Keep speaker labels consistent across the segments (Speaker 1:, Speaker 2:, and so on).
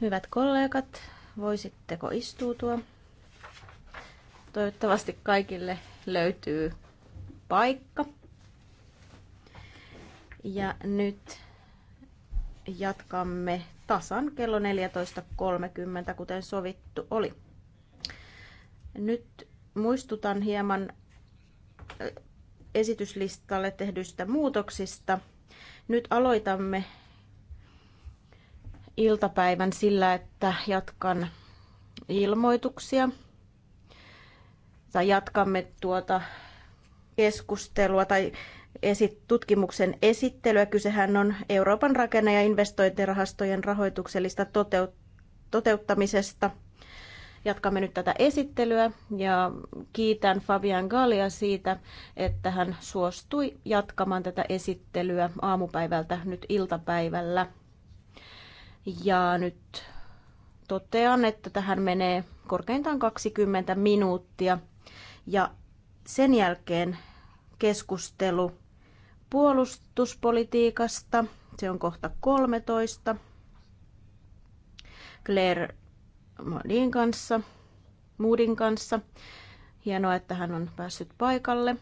Speaker 1: Hyvät kollegat, voisitteko istuutua? Toivottavasti kaikille löytyy paikka. Ja nyt jatkamme tasan kello 14.30, kuten sovittu oli. Nyt muistutan hieman esityslistalle tehdyistä muutoksista – nyt aloitamme iltapäivän sillä, että jatkan ilmoituksia tai jatkamme tuota keskustelua tai esit- tutkimuksen esittelyä. Kysehän on Euroopan rakenne- ja investointirahastojen rahoituksellista toteut- toteuttamisesta – Jatkamme nyt tätä esittelyä ja kiitän Fabian Gallia siitä, että hän suostui jatkamaan tätä esittelyä aamupäivältä nyt iltapäivällä. Ja nyt totean, että tähän menee korkeintaan 20 minuuttia ja sen jälkeen keskustelu puolustuspolitiikasta. Se on kohta 13. Claire Madin kanssa, Moodin kanssa. Hienoa, että hän on päässyt paikalle.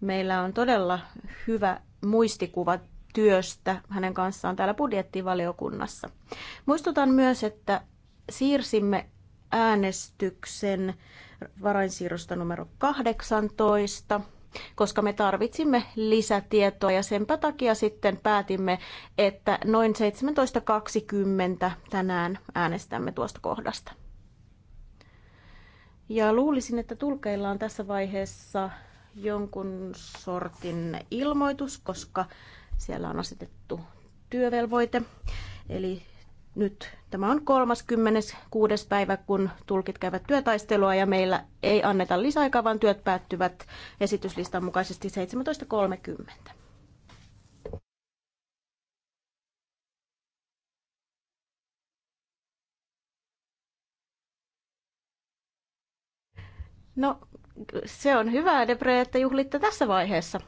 Speaker 1: Meillä on todella hyvä muistikuva työstä hänen kanssaan täällä budjettivaliokunnassa. Muistutan myös, että siirsimme äänestyksen varainsiirrosta numero 18 koska me tarvitsimme lisätietoa ja senpä takia sitten päätimme, että noin 17.20 tänään äänestämme tuosta kohdasta. Ja luulisin, että tulkeilla on tässä vaiheessa jonkun sortin ilmoitus, koska siellä on asetettu työvelvoite. Eli nyt tämä on 36. päivä, kun tulkit käyvät työtaistelua ja meillä ei anneta lisäaikaa, vaan työt päättyvät esityslistan mukaisesti 17.30. No, se on hyvä, Debre, että juhlitte tässä vaiheessa.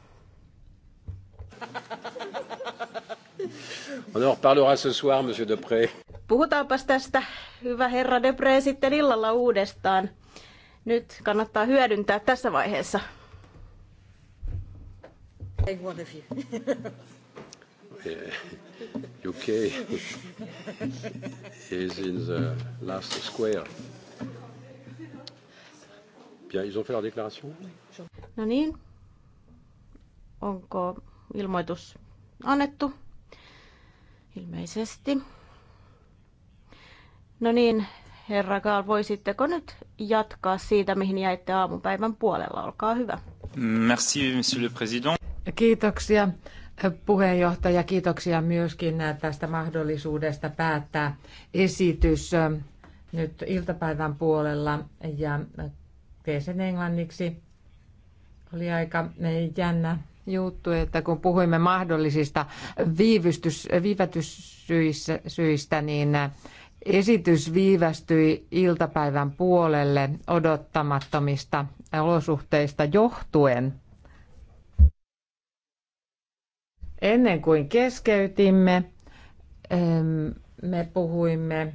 Speaker 1: On en reparlera ce soir, monsieur Depré puhutaanpas tästä, hyvä herra Debre, sitten illalla uudestaan. Nyt kannattaa hyödyntää tässä vaiheessa. Take one of you.
Speaker 2: Eh, UK is in the last square.
Speaker 3: Bien, ils ont fait leur déclaration.
Speaker 1: No niin. Onko ilmoitus annettu? Ilmeisesti. No niin, herra Kaal, voisitteko nyt jatkaa siitä, mihin jäitte aamupäivän puolella? Olkaa hyvä.
Speaker 2: Merci, monsieur le président.
Speaker 3: Kiitoksia eh, puheenjohtaja, kiitoksia myöskin eh, tästä mahdollisuudesta päättää esitys eh, nyt iltapäivän puolella ja tee sen englanniksi. Oli aika jännä juttu, että kun puhuimme mahdollisista viivätyssyistä, niin Esitys viivästyi iltapäivän puolelle odottamattomista olosuhteista johtuen. Ennen kuin keskeytimme, me puhuimme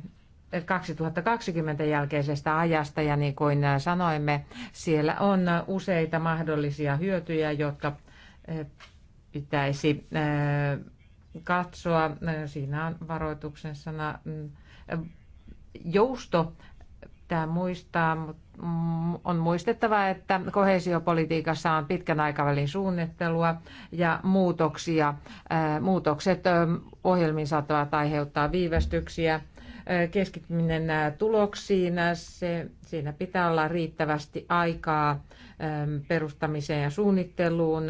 Speaker 3: 2020 jälkeisestä ajasta ja niin kuin sanoimme, siellä on useita mahdollisia hyötyjä, jotka eh, pitäisi eh, katsoa. Siinä on varoituksen sana mm, jousto pitää muistaa, on muistettava, että kohesiopolitiikassa on pitkän aikavälin suunnittelua ja muutoksia. Muutokset ohjelmiin saattavat aiheuttaa viivästyksiä. Keskittyminen tuloksiin, se, siinä pitää olla riittävästi aikaa perustamiseen ja suunnitteluun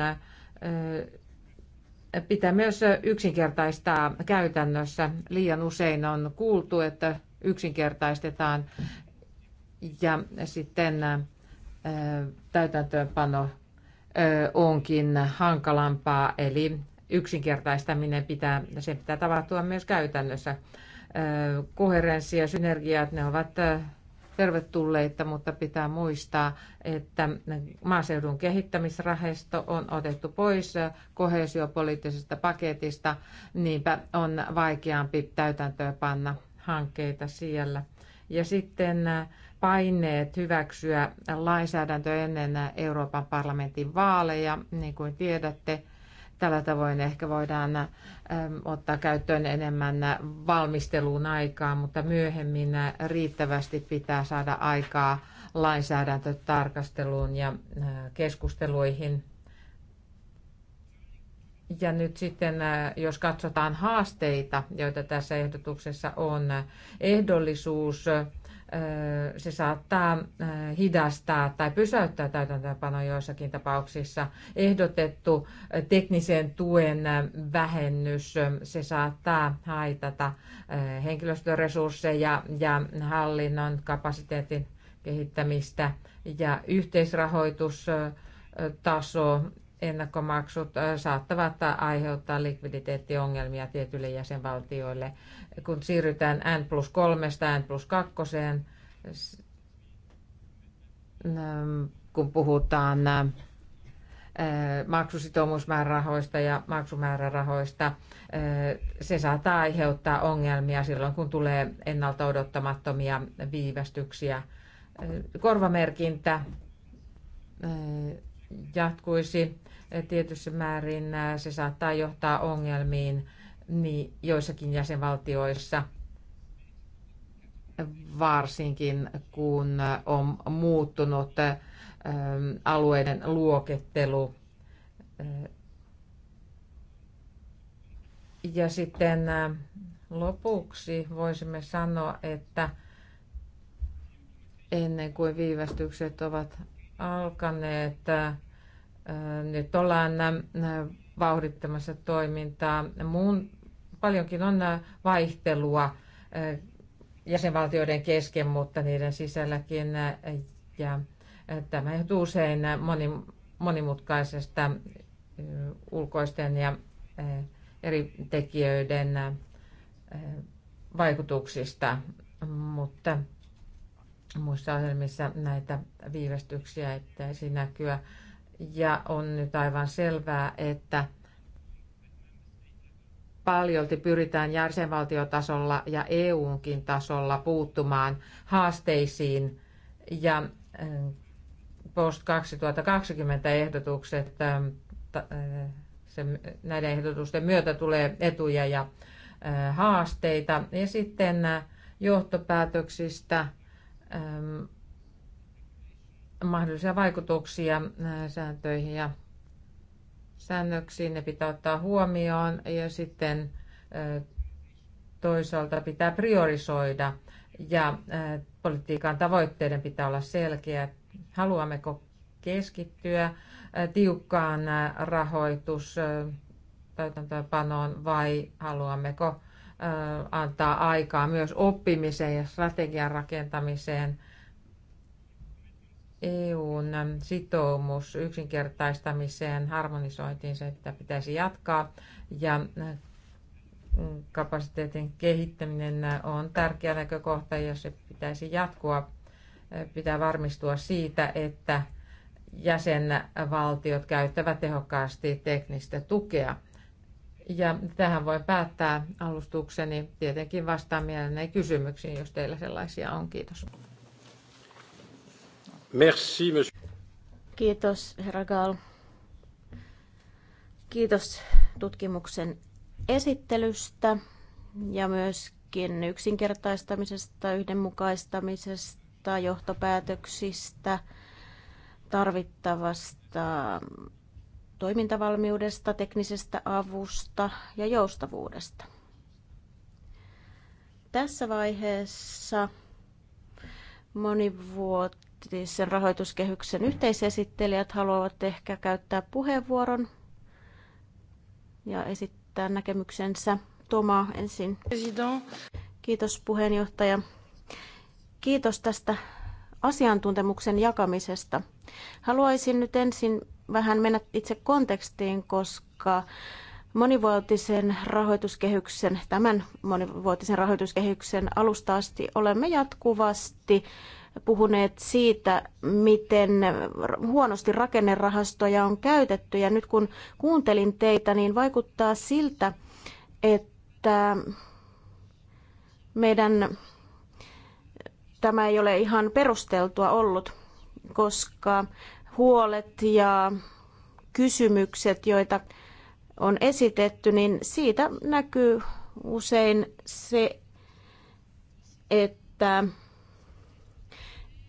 Speaker 3: pitää myös yksinkertaistaa käytännössä. Liian usein on kuultu, että yksinkertaistetaan ja sitten äh, täytäntöönpano äh, onkin hankalampaa, eli yksinkertaistaminen pitää, sen pitää tapahtua myös käytännössä. Äh, koherenssi ja synergiat, ne ovat tervetulleita, mutta pitää muistaa, että maaseudun kehittämisrahasto on otettu pois kohesiopoliittisesta paketista, niinpä on vaikeampi täytäntöön panna hankkeita siellä. Ja sitten paineet hyväksyä lainsäädäntö ennen Euroopan parlamentin vaaleja, niin kuin tiedätte, tällä tavoin ehkä voidaan ottaa käyttöön enemmän valmisteluun aikaa, mutta myöhemmin riittävästi pitää saada aikaa lainsäädäntötarkasteluun ja keskusteluihin. Ja nyt sitten, jos katsotaan haasteita, joita tässä ehdotuksessa on, ehdollisuus, se saattaa hidastaa tai pysäyttää täytäntöönpanoa joissakin tapauksissa. Ehdotettu teknisen tuen vähennys, se saattaa haitata henkilöstöresursseja ja hallinnon kapasiteetin kehittämistä ja yhteisrahoitustaso ennakkomaksut saattavat aiheuttaa likviditeettiongelmia tietyille jäsenvaltioille. Kun siirrytään N plus 3 N plus 2, kun puhutaan maksusitoumusmäärärahoista ja maksumäärärahoista. Se saattaa aiheuttaa ongelmia silloin, kun tulee ennalta odottamattomia viivästyksiä. Korvamerkintä jatkuisi tietyssä määrin se saattaa johtaa ongelmiin niin joissakin jäsenvaltioissa, varsinkin kun on muuttunut alueiden luokittelu. Ja sitten lopuksi voisimme sanoa, että ennen kuin viivästykset ovat alkaneet, nyt ollaan vauhdittamassa toimintaa. Muun, paljonkin on vaihtelua jäsenvaltioiden kesken, mutta niiden sisälläkin. Ja tämä johtuu usein monimutkaisesta ulkoisten ja eri tekijöiden vaikutuksista, mutta muissa ohjelmissa näitä viivästyksiä ei näkyä ja on nyt aivan selvää, että paljolti pyritään jäsenvaltiotasolla ja EUnkin tasolla puuttumaan haasteisiin ja ähm, post 2020 ehdotukset ähm, äh, näiden ehdotusten myötä tulee etuja ja äh, haasteita. Ja sitten äh, johtopäätöksistä ähm, mahdollisia vaikutuksia äh, sääntöihin ja säännöksiin. Ne pitää ottaa huomioon ja sitten äh, toisaalta pitää priorisoida ja äh, politiikan tavoitteiden pitää olla selkeät. Haluammeko keskittyä tiukkaan rahoitus täytäntöönpanoon vai haluammeko antaa aikaa myös oppimiseen ja strategian rakentamiseen – EUn sitoumus yksinkertaistamiseen, harmonisointiin, se että pitäisi jatkaa. Ja mm, kapasiteetin kehittäminen on tärkeä näkökohta, jos se pitäisi jatkua. Pitää varmistua siitä, että jäsenvaltiot käyttävät tehokkaasti teknistä tukea. Ja tähän voi päättää alustukseni. Tietenkin vastaamielinen kysymyksiin, jos teillä sellaisia on. Kiitos.
Speaker 2: Merci, monsieur.
Speaker 1: Kiitos, herra Gaal. Kiitos tutkimuksen esittelystä ja myöskin yksinkertaistamisesta, yhdenmukaistamisesta, johtopäätöksistä, tarvittavasta toimintavalmiudesta, teknisestä avusta ja joustavuudesta. Tässä vaiheessa monivuot monivuotisen rahoituskehyksen yhteisesittelijät haluavat ehkä käyttää puheenvuoron ja esittää näkemyksensä. Toma ensin. Kiitos puheenjohtaja. Kiitos tästä asiantuntemuksen jakamisesta. Haluaisin nyt ensin vähän mennä itse kontekstiin, koska monivuotisen rahoituskehyksen, tämän monivuotisen rahoituskehyksen alusta asti olemme jatkuvasti puhuneet siitä, miten huonosti rakennerahastoja on käytetty. Ja nyt kun kuuntelin teitä, niin vaikuttaa siltä, että meidän tämä ei ole ihan perusteltua ollut, koska huolet ja kysymykset, joita on esitetty, niin siitä näkyy usein se, että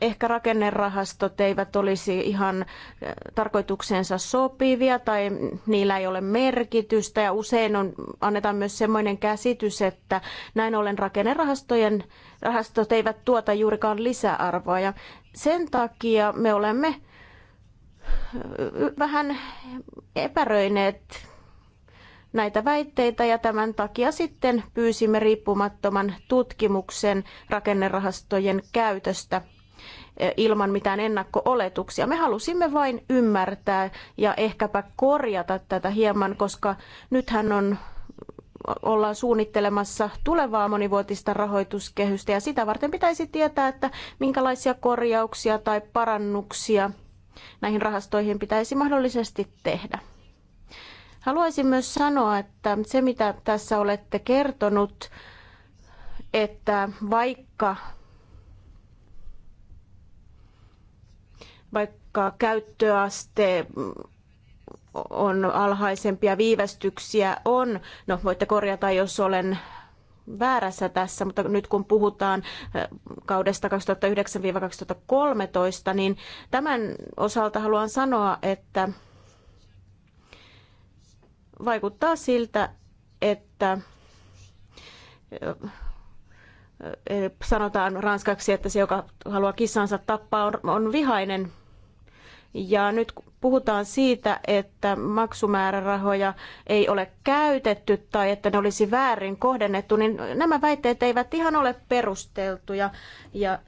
Speaker 1: ehkä rakennerahastot eivät olisi ihan äh, tarkoitukseensa sopivia tai niillä ei ole merkitystä ja usein on, annetaan myös sellainen käsitys, että näin ollen rakennerahastojen rahastot eivät tuota juurikaan lisäarvoa ja sen takia me olemme äh, vähän epäröineet näitä väitteitä ja tämän takia sitten pyysimme riippumattoman tutkimuksen rakennerahastojen käytöstä Eh, ilman mitään ennakko-oletuksia. Me halusimme vain ymmärtää ja ehkäpä korjata tätä hieman, koska nythän on ollaan suunnittelemassa tulevaa monivuotista rahoituskehystä ja sitä varten pitäisi tietää, että minkälaisia korjauksia tai parannuksia näihin rahastoihin pitäisi mahdollisesti tehdä. Haluaisin myös sanoa, että se mitä tässä olette kertonut, että vaikka vaikka käyttöaste on alhaisempia viivästyksiä on. No, voitte korjata, jos olen väärässä tässä, mutta nyt kun puhutaan kaudesta 2009-2013, niin tämän osalta haluan sanoa, että vaikuttaa siltä, että sanotaan ranskaksi, että se, joka haluaa kissansa tappaa, on, on vihainen ja nyt puhutaan siitä, että maksumäärärahoja ei ole käytetty tai että ne olisi väärin kohdennettu, niin nämä väitteet eivät ihan ole perusteltuja. Ja,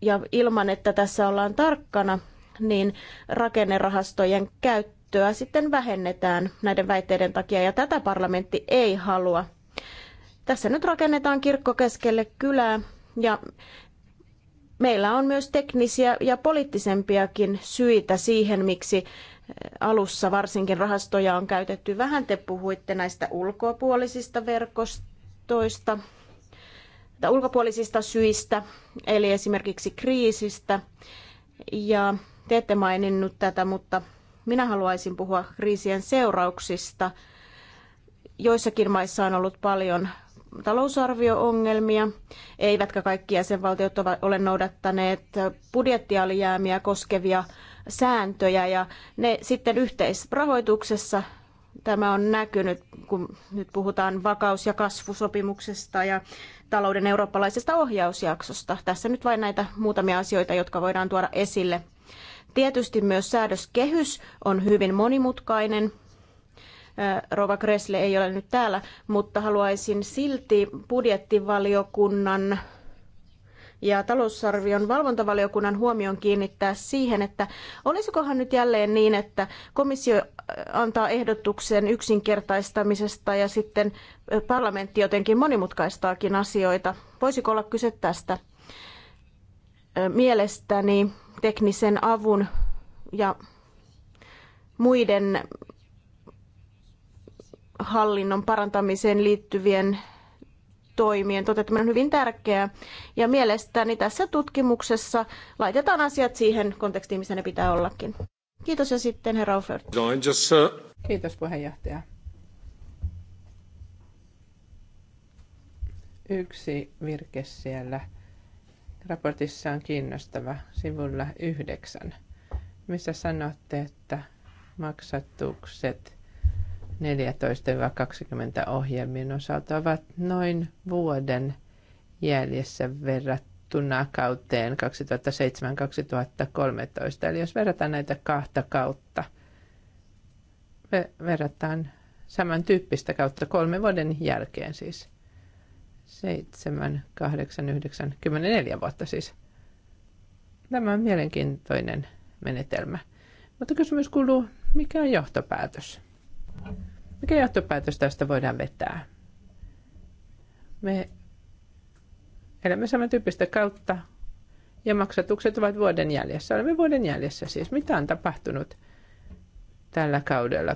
Speaker 1: ja ilman, että tässä ollaan tarkkana, niin rakennerahastojen käyttöä sitten vähennetään näiden väitteiden takia, ja tätä parlamentti ei halua. Tässä nyt rakennetaan kirkko keskelle kylää, ja meillä on myös teknisiä ja poliittisempiakin syitä siihen, miksi alussa varsinkin rahastoja on käytetty. Vähän te puhuitte näistä ulkopuolisista verkostoista tai ulkopuolisista syistä, eli esimerkiksi kriisistä. Ja te ette maininnut tätä, mutta minä haluaisin puhua kriisien seurauksista. Joissakin maissa on ollut paljon talousarvioongelmia, eivätkä kaikki jäsenvaltiot ole noudattaneet budjettialijäämiä koskevia sääntöjä ja ne sitten yhteisrahoituksessa tämä on näkynyt, kun nyt puhutaan vakaus- ja kasvusopimuksesta ja talouden eurooppalaisesta ohjausjaksosta. Tässä nyt vain näitä muutamia asioita, jotka voidaan tuoda esille. Tietysti myös säädöskehys on hyvin monimutkainen Rova Kresle ei ole nyt täällä, mutta haluaisin silti budjettivaliokunnan ja talousarvion valvontavaliokunnan huomion kiinnittää siihen, että olisikohan nyt jälleen niin, että komissio antaa ehdotuksen yksinkertaistamisesta ja sitten parlamentti jotenkin monimutkaistaakin asioita. Voisiko olla kyse tästä? Mielestäni teknisen avun ja muiden hallinnon parantamiseen liittyvien toimien toteuttaminen on hyvin tärkeää. Ja mielestäni tässä tutkimuksessa laitetaan asiat siihen kontekstiin, missä ne pitää ollakin. Kiitos ja sitten herra Offert. Kiitos puheenjohtaja.
Speaker 2: Yksi virke siellä raportissa on kiinnostava sivulla yhdeksän, missä sanotte, että maksatukset – 14-20 ohjelmien osalta ovat noin vuoden jäljessä verrattuna kauteen 2007-2013. Eli jos verrataan näitä kahta kautta, me verrataan samantyyppistä kautta kolme vuoden jälkeen siis. 7, 8, 9, 10, 4 vuotta siis. Tämä on mielenkiintoinen menetelmä. Mutta kysymys kuuluu, mikä on johtopäätös? Mikä johtopäätös tästä voidaan vetää? Me elämme saman tyyppistä kautta ja maksatukset ovat vuoden jäljessä. Olemme vuoden jäljessä siis. Mitä on tapahtunut tällä kaudella 2014-2020?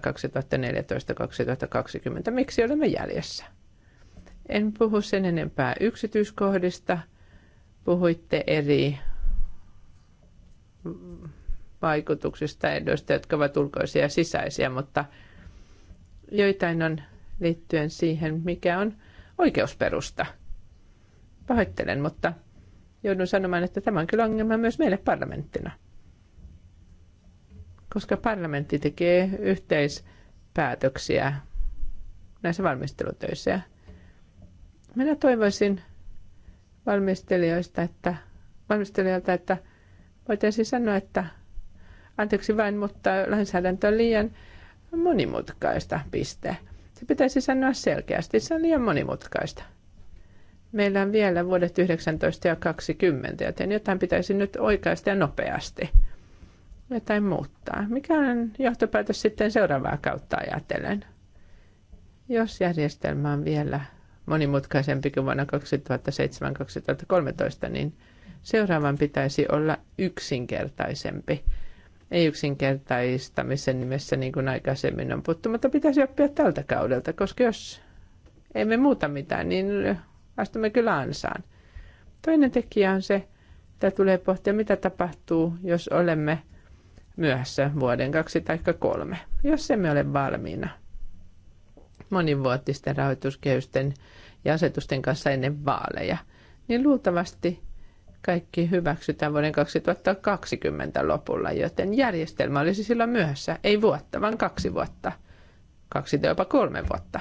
Speaker 2: Miksi olemme jäljessä? En puhu sen enempää yksityiskohdista. Puhuitte eri vaikutuksista, edoista, jotka ovat ulkoisia ja sisäisiä, mutta – joitain on liittyen siihen, mikä on oikeusperusta. Pahoittelen, mutta joudun sanomaan, että tämä on kyllä ongelma myös meille parlamenttina. Koska parlamentti tekee yhteispäätöksiä näissä valmistelutöissä. Minä toivoisin valmistelijoista, että, valmistelijalta, että voitaisiin sanoa, että anteeksi vain, mutta lainsäädäntö on liian monimutkaista, piste. Se pitäisi sanoa selkeästi, se on liian monimutkaista. Meillä on vielä vuodet 19 ja 20, joten jotain pitäisi nyt oikaista ja nopeasti. Jotain muuttaa. Mikä on johtopäätös sitten seuraavaa kautta ajatellen? Jos järjestelmä on vielä monimutkaisempi kuin vuonna 2007-2013, niin seuraavan pitäisi olla yksinkertaisempi ei yksinkertaistamisen nimessä niin kuin aikaisemmin on puhuttu, mutta pitäisi oppia tältä kaudelta, koska jos emme muuta mitään, niin astumme kyllä ansaan. Toinen tekijä on se, että tulee pohtia, mitä tapahtuu, jos olemme myöhässä vuoden kaksi tai kolme, jos emme ole valmiina monivuotisten rahoituskehysten ja asetusten kanssa ennen vaaleja, niin luultavasti kaikki hyväksytään vuoden 2020 lopulla, joten järjestelmä olisi silloin myöhässä, ei vuotta, vaan kaksi vuotta, kaksi tai jopa kolme vuotta.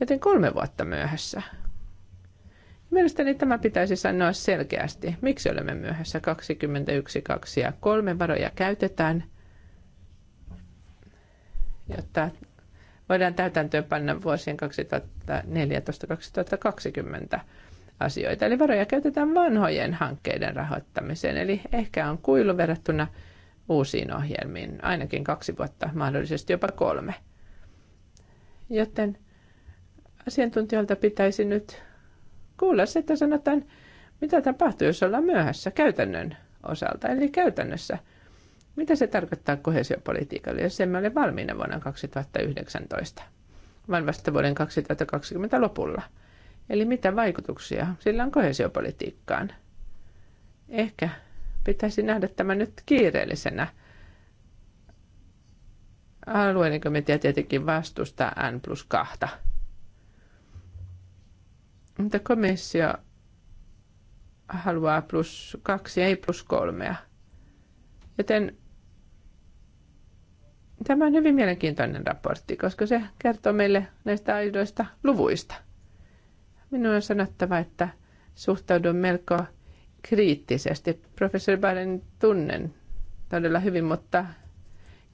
Speaker 2: Joten kolme vuotta myöhässä. Mielestäni tämä pitäisi sanoa selkeästi, miksi olemme myöhässä 21, 2 ja 3 varoja käytetään, jotta voidaan panna vuosien 2014-2020 asioita. Eli varoja käytetään vanhojen hankkeiden rahoittamiseen, eli ehkä on kuilu verrattuna uusiin ohjelmiin, ainakin kaksi vuotta, mahdollisesti jopa kolme. Joten asiantuntijoilta pitäisi nyt kuulla se, että sanotaan, mitä tapahtuu, jos ollaan myöhässä käytännön osalta, eli käytännössä. Mitä se tarkoittaa kohesiopolitiikalle, jos emme ole valmiina vuonna 2019, vaan vasta vuoden 2020 lopulla? Eli mitä vaikutuksia sillä on kohesiopolitiikkaan? Ehkä pitäisi nähdä tämä nyt kiireellisenä. Alueiden komitea tietenkin vastustaa N plus 2. Mutta komissio haluaa plus kaksi, ei plus kolmea. Joten tämä on hyvin mielenkiintoinen raportti, koska se kertoo meille näistä aidoista luvuista. Minun on sanottava, että suhtaudun melko kriittisesti. Professori Biden tunnen todella hyvin, mutta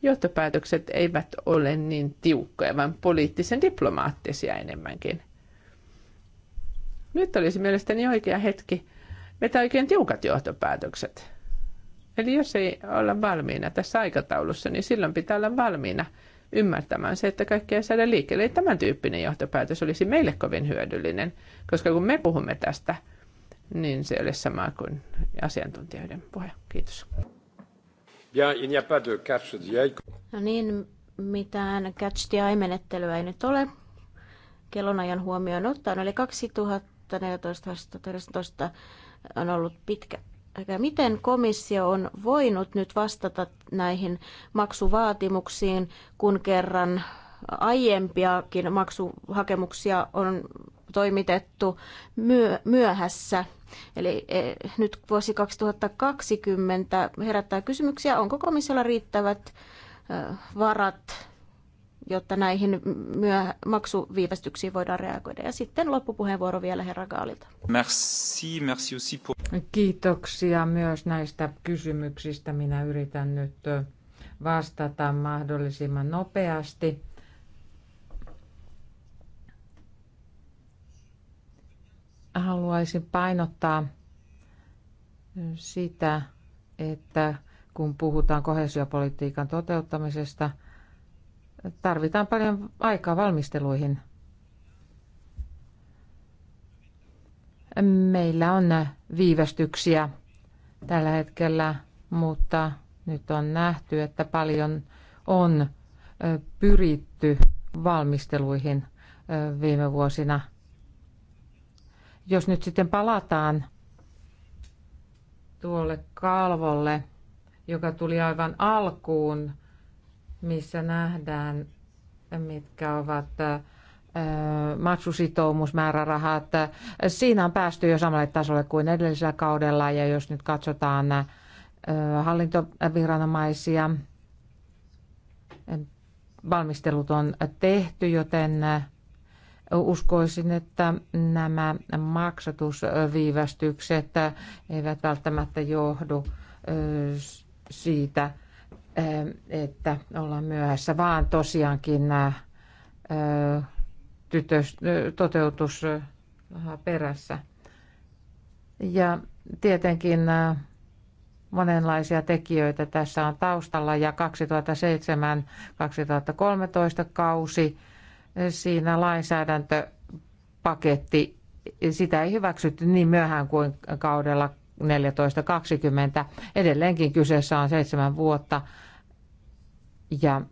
Speaker 2: johtopäätökset eivät ole niin tiukkoja, vaan poliittisen diplomaattisia enemmänkin. Nyt olisi mielestäni oikea hetki vetää oikein tiukat johtopäätökset. Eli jos ei olla valmiina tässä aikataulussa, niin silloin pitää olla valmiina – ymmärtämään se, että kaikkea ei saada liikkeelle. Tämän tyyppinen johtopäätös olisi meille kovin hyödyllinen, koska kun me puhumme tästä, niin se ei ole sama
Speaker 1: kuin asiantuntijoiden puhe. Kiitos. No niin, mitään catch the eye-menettelyä ei nyt ole kellonajan huomioon ottaen. Eli 2014-2019 on ollut pitkä miten komissio on voinut nyt vastata näihin maksuvaatimuksiin, kun kerran aiempiakin maksuhakemuksia on toimitettu myöhässä. Eli e, nyt vuosi 2020 herättää kysymyksiä, onko komissiolla riittävät varat jotta näihin myö- maksuviivästyksiin voidaan reagoida. Ja sitten loppupuheenvuoro vielä herra Gaalilta.
Speaker 2: Merci, merci aussi pour...
Speaker 3: Kiitoksia myös näistä kysymyksistä. Minä yritän nyt vastata mahdollisimman nopeasti. Haluaisin painottaa sitä, että kun puhutaan kohesiopolitiikan toteuttamisesta – tarvitaan paljon aikaa valmisteluihin. Meillä on viivästyksiä tällä hetkellä, mutta nyt on nähty, että paljon on pyritty valmisteluihin viime vuosina. Jos nyt sitten palataan tuolle kalvolle, joka tuli aivan alkuun, missä nähdään, mitkä ovat maksusitoumusmäärärahat. Siinä on päästy jo samalle tasolle kuin edellisellä kaudella ja jos nyt katsotaan hallintoviranomaisia, valmistelut on tehty, joten uskoisin, että nämä maksatusviivästykset eivät välttämättä johdu siitä, että ollaan myöhässä, vaan tosiaankin nämä tytös, toteutus perässä. Ja tietenkin monenlaisia tekijöitä tässä on taustalla ja 2007-2013 kausi, siinä lainsäädäntöpaketti, sitä ei hyväksytty niin myöhään kuin kaudella 14.20. Edelleenkin kyseessä on seitsemän vuotta ja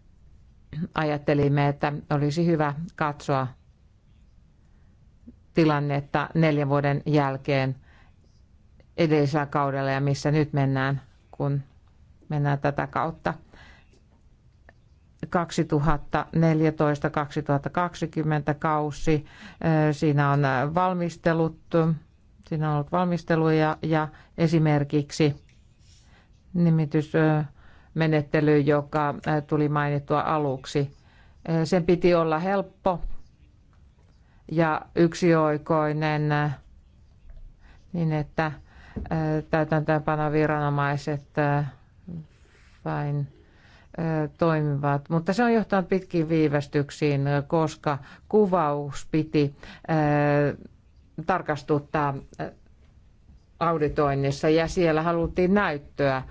Speaker 3: ajattelimme, että olisi hyvä katsoa tilannetta neljän vuoden jälkeen edellisellä kaudella ja missä nyt mennään, kun mennään tätä kautta. 2014-2020 kausi, siinä on valmistelut Siinä on ollut valmisteluja ja esimerkiksi nimitysmenettely, joka tuli mainittua aluksi. Sen piti olla helppo ja yksioikoinen niin, että viranomaiset vain toimivat. Mutta se on johtanut pitkiin viivästyksiin, koska kuvaus piti tarkastuttaa äh, auditoinnissa ja siellä haluttiin näyttöä äh,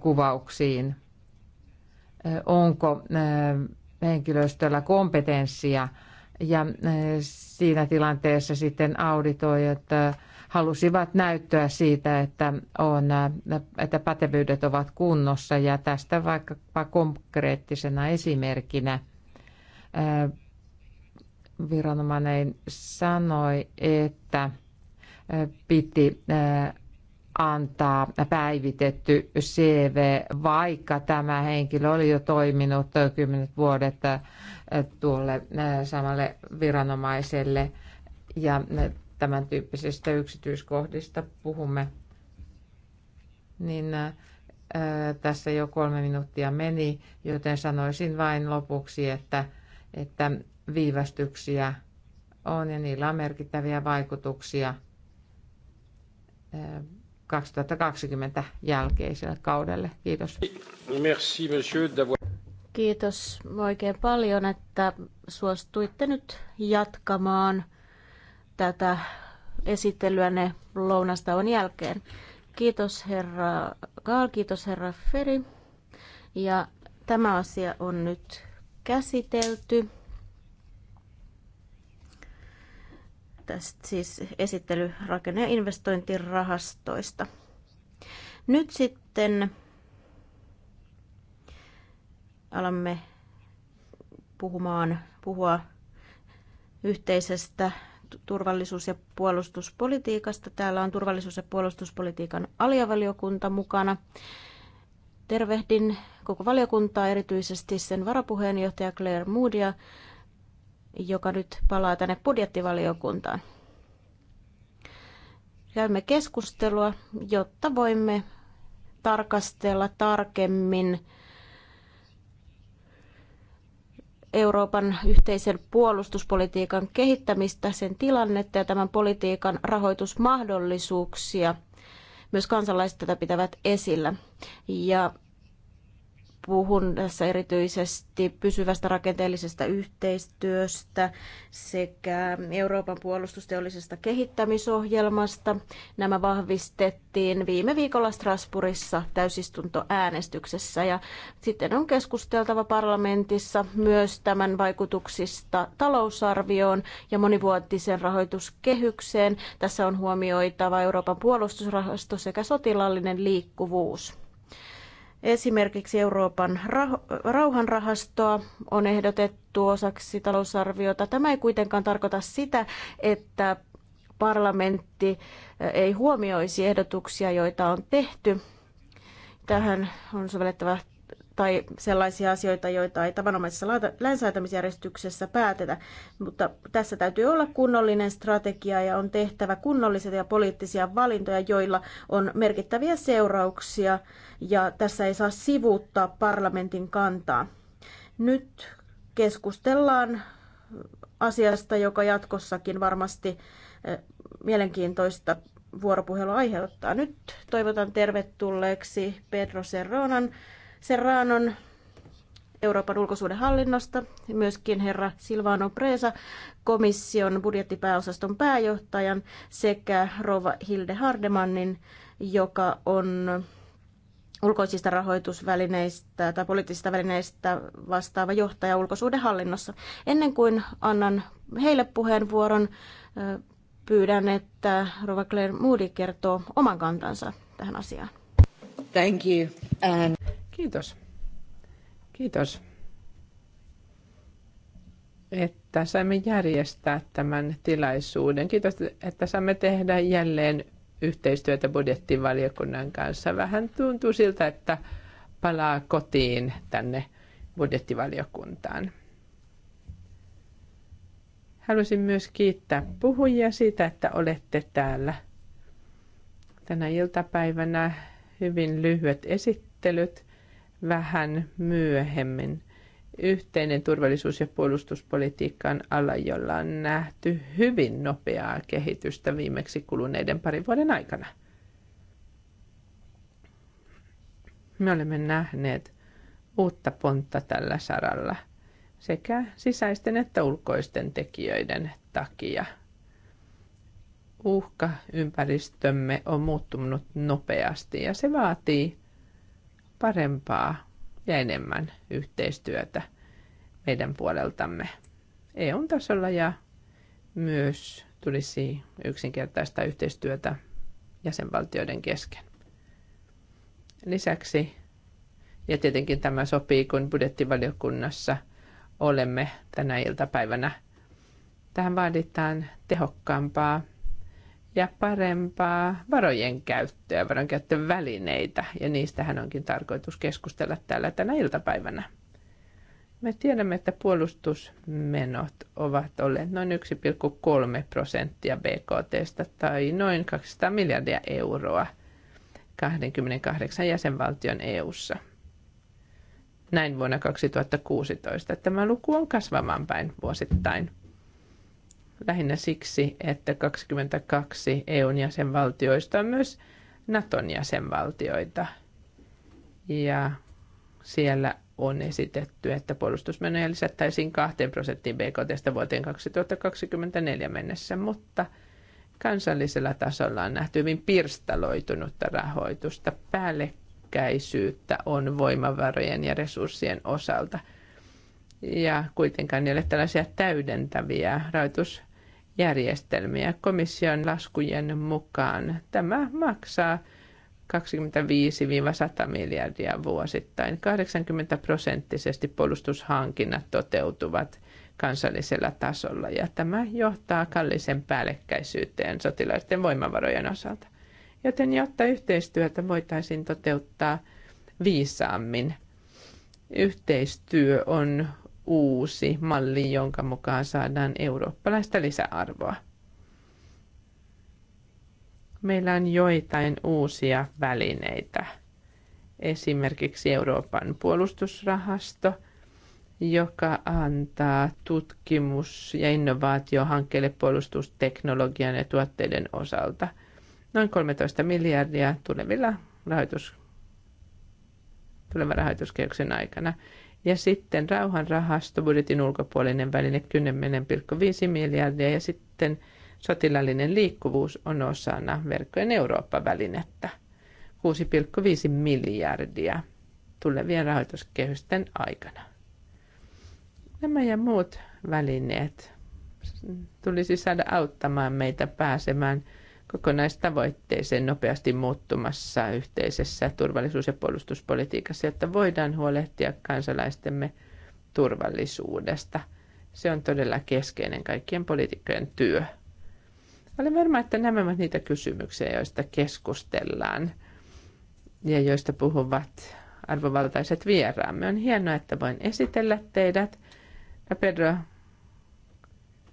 Speaker 3: kuvauksiin. Äh, onko henkilöstöllä kompetenssia ja siinä tilanteessa sitten auditoijat halusivat näyttöä siitä, että, on, että pätevyydet ovat kunnossa ja tästä vaikkapa konkreettisena esimerkkinä viranomainen sanoi, että piti antaa päivitetty CV, vaikka tämä henkilö oli jo toiminut kymmenet vuodet tuolle samalle viranomaiselle. Ja tämän tyyppisistä yksityiskohdista puhumme. Niin tässä jo kolme minuuttia meni, joten sanoisin vain lopuksi, että, että viivästyksiä on ja niillä on merkittäviä vaikutuksia 2020 eh, jälkeiselle kaudelle. Kiitos.
Speaker 2: Merci, monsieur,
Speaker 1: Kiitos oikein paljon, että suostuitte nyt jatkamaan tätä esittelyänne lounastauon jälkeen. Kiitos herra Kaal, kiitos herra Feri. Ja tämä asia on nyt käsitelty. tästä siis esittely rakenne- ja investointirahastoista. Nyt sitten alamme puhumaan, puhua yhteisestä turvallisuus- ja puolustuspolitiikasta. Täällä on turvallisuus- ja puolustuspolitiikan aliavaliokunta mukana. Tervehdin koko valiokuntaa, erityisesti sen varapuheenjohtaja Claire Moodia, joka nyt palaa tänne budjettivaliokuntaan. Käymme keskustelua, jotta voimme tarkastella tarkemmin Euroopan yhteisen puolustuspolitiikan kehittämistä, sen tilannetta ja tämän politiikan rahoitusmahdollisuuksia. Myös kansalaiset tätä pitävät esillä. Ja Puhun tässä erityisesti pysyvästä rakenteellisesta yhteistyöstä sekä Euroopan puolustusteollisesta kehittämisohjelmasta. Nämä vahvistettiin viime viikolla Strasbourgissa täysistuntoäänestyksessä ja sitten on keskusteltava parlamentissa myös tämän vaikutuksista talousarvioon ja monivuotisen rahoituskehykseen. Tässä on huomioitava Euroopan puolustusrahasto sekä sotilaallinen liikkuvuus. Esimerkiksi Euroopan rauhanrahastoa on ehdotettu osaksi talousarviota. Tämä ei kuitenkaan tarkoita sitä, että parlamentti ei huomioisi ehdotuksia, joita on tehty. Tähän on sovellettava tai sellaisia asioita, joita ei tavanomaisessa länsäätämisjärjestyksessä päätetä. Mutta tässä täytyy olla kunnollinen strategia ja on tehtävä kunnollisia ja poliittisia valintoja, joilla on merkittäviä seurauksia ja tässä ei saa sivuuttaa parlamentin kantaa. Nyt keskustellaan asiasta, joka jatkossakin varmasti eh, mielenkiintoista vuoropuhelu aiheuttaa. Nyt toivotan tervetulleeksi Pedro Serronan Serranon Euroopan ulkosuudenhallinnosta, myöskin herra Silvano Presa, komission budjettipääosaston pääjohtajan, sekä rova Hilde Hardemannin, joka on ulkoisista rahoitusvälineistä tai poliittisista välineistä vastaava johtaja ulkosuudenhallinnossa. Ennen kuin annan heille puheenvuoron, pyydän, että Rova Claire Moody kertoo oman kantansa tähän asiaan. Thank you. And... Kiitos.
Speaker 2: Kiitos, että saimme järjestää tämän tilaisuuden. Kiitos, että saamme tehdä jälleen yhteistyötä budjettivaliokunnan kanssa. Vähän tuntuu siltä, että palaa kotiin tänne budjettivaliokuntaan. Haluaisin myös kiittää puhujia siitä, että olette täällä tänä iltapäivänä. Hyvin lyhyet esittelyt vähän myöhemmin. Yhteinen turvallisuus- ja puolustuspolitiikan ala, jolla on nähty hyvin nopeaa kehitystä viimeksi kuluneiden parin vuoden aikana. Me olemme nähneet uutta pontta tällä saralla sekä sisäisten että ulkoisten tekijöiden takia Uhka ympäristömme on muuttunut nopeasti ja se vaatii parempaa ja enemmän yhteistyötä meidän puoleltamme eu tasolla ja myös tulisi yksinkertaista yhteistyötä jäsenvaltioiden kesken. Lisäksi, ja tietenkin tämä sopii, kun budjettivaliokunnassa olemme tänä iltapäivänä, tähän vaaditaan tehokkaampaa ja parempaa varojen käyttöä, varonkäyttön välineitä, ja niistähän onkin tarkoitus keskustella täällä tänä iltapäivänä. Me tiedämme, että puolustusmenot ovat olleet noin 1,3 prosenttia BKT tai noin 200 miljardia euroa 28 jäsenvaltion EU:ssa. Näin vuonna 2016. Tämä luku on kasvamaan päin vuosittain lähinnä siksi, että 22 EUn jäsenvaltioista on myös Naton jäsenvaltioita. Ja siellä on esitetty, että puolustusmenoja lisättäisiin 2 prosenttiin BKT vuoteen 2024 mennessä, mutta kansallisella tasolla on nähty hyvin pirstaloitunutta rahoitusta. Päällekkäisyyttä on voimavarojen ja resurssien osalta. Ja kuitenkaan ei ole tällaisia täydentäviä rahoitus järjestelmiä. Komission laskujen mukaan tämä maksaa 25-100 miljardia vuosittain. 80 prosenttisesti puolustushankinnat toteutuvat kansallisella tasolla ja tämä johtaa kallisen päällekkäisyyteen sotilaiden voimavarojen osalta. Joten jotta yhteistyötä voitaisiin toteuttaa viisaammin, yhteistyö on uusi malli, jonka mukaan saadaan eurooppalaista lisäarvoa. Meillä on joitain uusia välineitä. Esimerkiksi Euroopan puolustusrahasto, joka antaa tutkimus- ja innovaatiohankkeille puolustusteknologian ja tuotteiden osalta noin 13 miljardia tulevilla rahoitus, tulevan rahoituskehyksen aikana. Ja sitten rauhanrahasto, budjetin ulkopuolinen väline 10,5 miljardia ja sitten sotilallinen liikkuvuus on osana verkkojen Eurooppa-välinettä 6,5 miljardia tulevien rahoituskehysten aikana. Nämä ja muut välineet tulisi saada auttamaan meitä pääsemään – kokonaistavoitteeseen nopeasti muuttumassa yhteisessä turvallisuus- ja puolustuspolitiikassa, jotta voidaan huolehtia kansalaistemme turvallisuudesta. Se on todella keskeinen kaikkien poliitikkojen työ. Olen varma, että nämä ovat niitä kysymyksiä, joista keskustellaan ja joista puhuvat arvovaltaiset vieraamme. On hienoa, että voin esitellä teidät. Pedro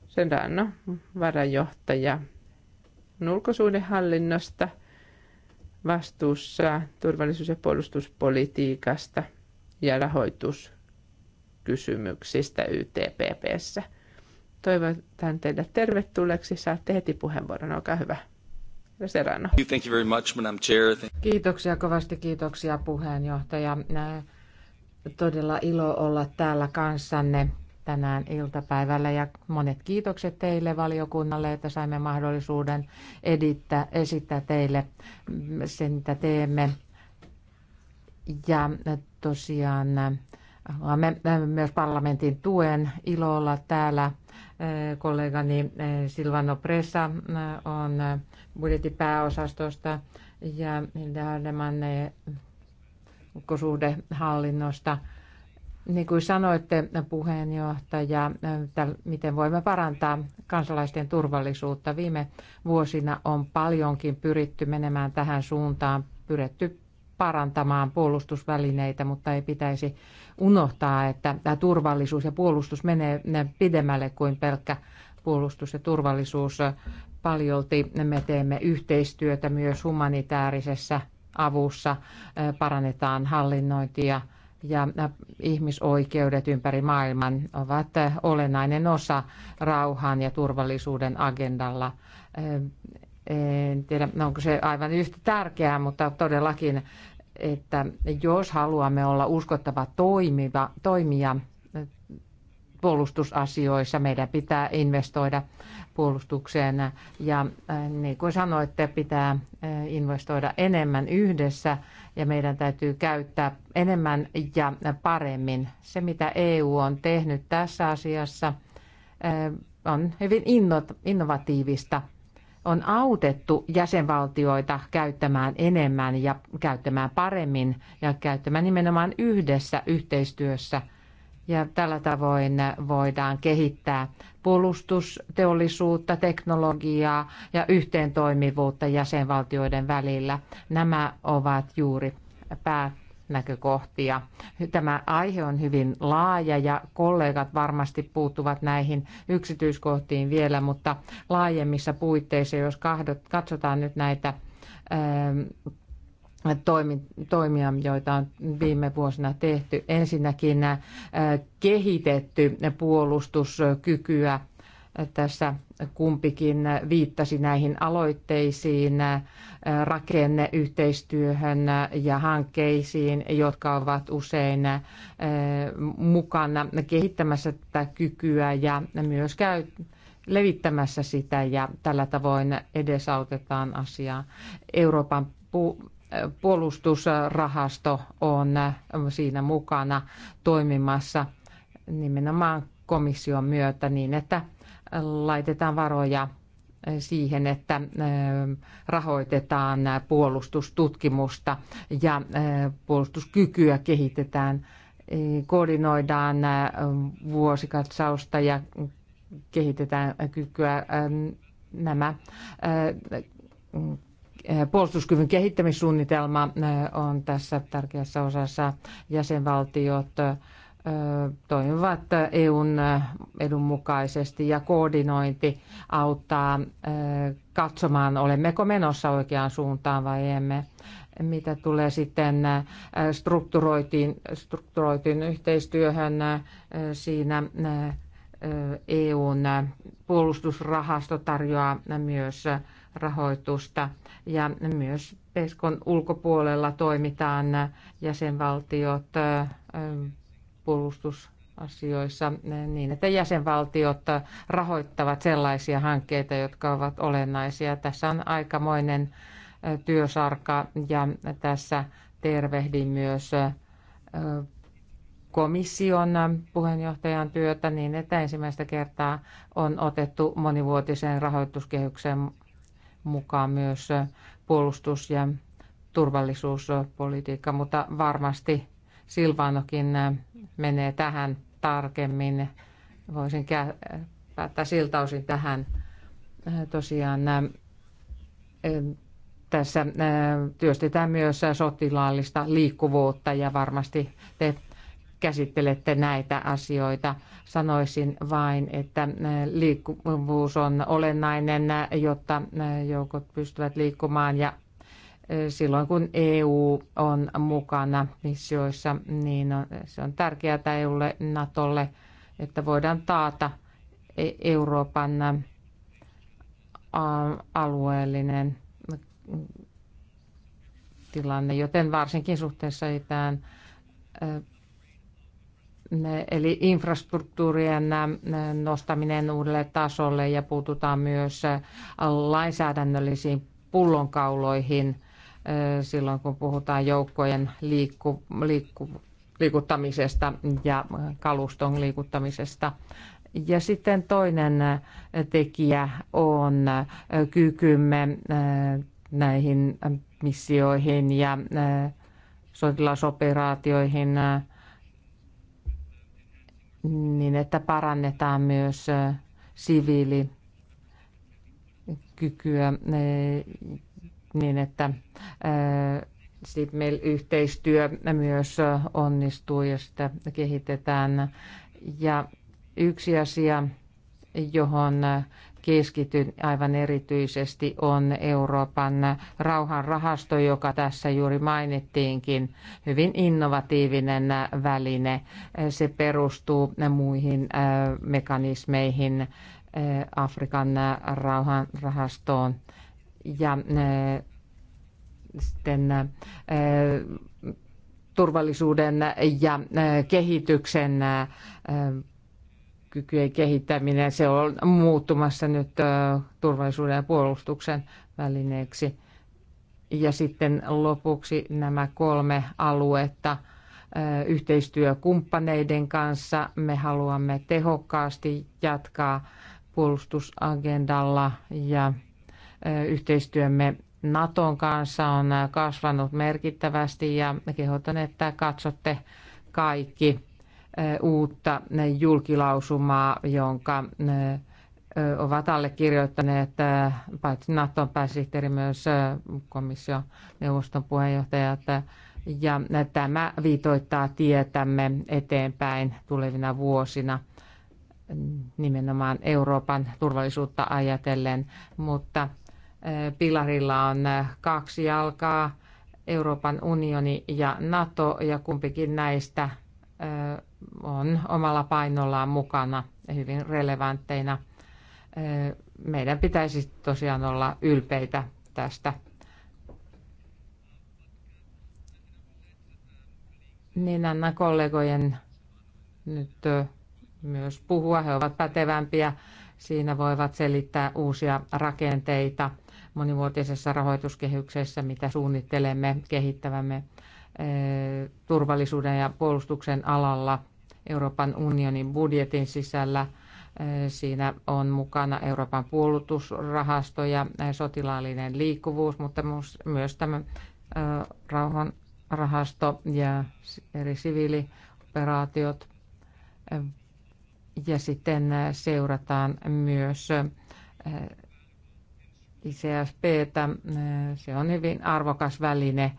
Speaker 2: Serrano, varajohtaja ulkosuhdehallinnosta, vastuussa turvallisuus- ja puolustuspolitiikasta ja rahoituskysymyksistä YTPPssä. Toivotan teidät
Speaker 3: tervetulleeksi. Saatte heti puheenvuoron. Olkaa hyvä. Thank you very much, Madam Chair. Kiitoksia kovasti, kiitoksia puheenjohtaja. Todella ilo olla täällä kanssanne tänään iltapäivällä ja monet kiitokset teille valiokunnalle, että saimme mahdollisuuden edittää, esittää teille sen, mitä teemme. Ja tosiaan haluamme myös parlamentin tuen ilolla täällä. Kollegani Silvano Pressa on budjettipääosastosta ja Hilde Hardeman hallinnosta niin kuin sanoitte, puheenjohtaja, miten voimme parantaa kansalaisten turvallisuutta. Viime vuosina on paljonkin pyritty menemään tähän suuntaan, pyritty parantamaan puolustusvälineitä, mutta ei pitäisi unohtaa, että tämä turvallisuus ja puolustus menee pidemmälle kuin pelkkä puolustus ja turvallisuus. Paljolti me teemme yhteistyötä myös humanitaarisessa avussa, parannetaan hallinnointia – ja ihmisoikeudet ympäri maailman ovat olennainen osa rauhan ja turvallisuuden agendalla. En tiedä, onko se aivan yhtä tärkeää, mutta todellakin, että jos haluamme olla uskottava toimiva, toimija puolustusasioissa. Meidän pitää investoida puolustukseen ja äh, niin kuin sanoitte, pitää äh, investoida enemmän yhdessä ja meidän täytyy käyttää enemmän ja paremmin. Se, mitä EU on tehnyt tässä asiassa, äh, on hyvin innovatiivista. On autettu jäsenvaltioita käyttämään enemmän ja käyttämään paremmin ja käyttämään nimenomaan yhdessä yhteistyössä – ja tällä tavoin voidaan kehittää puolustusteollisuutta, teknologiaa ja yhteentoimivuutta jäsenvaltioiden välillä. Nämä ovat juuri päänäkökohtia. Tämä aihe on hyvin laaja ja kollegat varmasti puuttuvat näihin yksityiskohtiin vielä, mutta laajemmissa puitteissa, jos katsotaan nyt näitä ähm, toimia, joita on viime vuosina tehty. Ensinnäkin äh, kehitetty puolustuskykyä. Tässä kumpikin viittasi näihin aloitteisiin, äh, rakenneyhteistyöhön ja hankkeisiin, jotka ovat usein äh, mukana kehittämässä tätä kykyä ja myös käy, levittämässä sitä ja tällä tavoin edesautetaan asiaa. Euroopan pu- puolustusrahasto on siinä mukana toimimassa nimenomaan komission myötä niin, että laitetaan varoja siihen, että rahoitetaan puolustustutkimusta ja puolustuskykyä kehitetään, e, koordinoidaan vuosikatsausta ja kehitetään kykyä nämä Eh, puolustuskyvyn kehittämissuunnitelma eh, on tässä tärkeässä osassa. Jäsenvaltiot eh, toimivat EUn edun mukaisesti ja koordinointi auttaa katsomaan, olemmeko menossa oikeaan suuntaan vai emme. Mitä tulee sitten strukturoitiin, strukturoitiin yhteistyöhön siinä EUn puolustusrahasto tarjoaa myös rahoitusta ja myös PESKon ulkopuolella toimitaan jäsenvaltiot puolustusasioissa niin, että jäsenvaltiot rahoittavat sellaisia hankkeita, jotka ovat olennaisia. Tässä on aikamoinen työsarka ja tässä tervehdin myös komission puheenjohtajan työtä niin, että ensimmäistä kertaa on otettu monivuotiseen rahoituskehyksen mukaan myös puolustus- ja turvallisuuspolitiikka, mutta varmasti Silvanokin menee tähän tarkemmin. Voisin päättää siltä osin tähän. Tosiaan tässä työstetään myös sotilaallista liikkuvuutta ja varmasti te käsittelette näitä asioita. Sanoisin vain, että äh, liikkuvuus on olennainen, äh, jotta äh, joukot pystyvät liikkumaan ja silloin kun EU on mukana missioissa, niin on, se on tärkeää EUlle, Natolle, että voidaan taata e-, Euroopan alueellinen tilanne, joten varsinkin suhteessa itään eli infrastruktuurien nostaminen uudelle tasolle ja puututaan myös lainsäädännöllisiin pullonkauloihin silloin, kun puhutaan joukkojen liikku, liikku, liikuttamisesta ja kaluston liikuttamisesta. Ja sitten toinen tekijä on kykymme näihin missioihin ja sotilasoperaatioihin – niin että parannetaan myös siviilikykyä niin, että meillä yhteistyö myös onnistuu ja sitä kehitetään. Ja yksi asia, johon keskityn aivan erityisesti on Euroopan rauhanrahasto, joka tässä juuri mainittiinkin, hyvin innovatiivinen väline. Se perustuu muihin äh, mekanismeihin, äh, Afrikan rauhanrahastoon ja äh, sitten turvallisuuden ja kehityksen kykyjen kehittäminen, se on muuttumassa nyt turvallisuuden ja puolustuksen välineeksi. Ja sitten lopuksi nämä kolme aluetta yhteistyökumppaneiden kanssa. Me haluamme tehokkaasti jatkaa puolustusagendalla ja yhteistyömme Naton kanssa on kasvanut merkittävästi ja kehotan, että katsotte kaikki uutta julkilausumaa, jonka ovat allekirjoittaneet paitsi Naton pääsihteeri myös komission neuvoston puheenjohtajat. Ja tämä viitoittaa tietämme eteenpäin tulevina vuosina nimenomaan Euroopan turvallisuutta ajatellen, mutta pilarilla on kaksi jalkaa, Euroopan unioni ja NATO, ja kumpikin näistä on omalla painollaan mukana hyvin relevantteina. Meidän pitäisi tosiaan olla ylpeitä tästä. Niin annan kollegojen nyt myös puhua. He ovat pätevämpiä. Siinä voivat selittää uusia rakenteita monivuotisessa rahoituskehyksessä, mitä suunnittelemme, kehittävämme turvallisuuden ja puolustuksen alalla Euroopan unionin budjetin sisällä. Siinä on mukana Euroopan puolustusrahasto ja sotilaallinen liikkuvuus, mutta myös tämä rauhanrahasto ja eri siviilioperaatiot. Ja sitten seurataan myös ICSP, Se on hyvin arvokas väline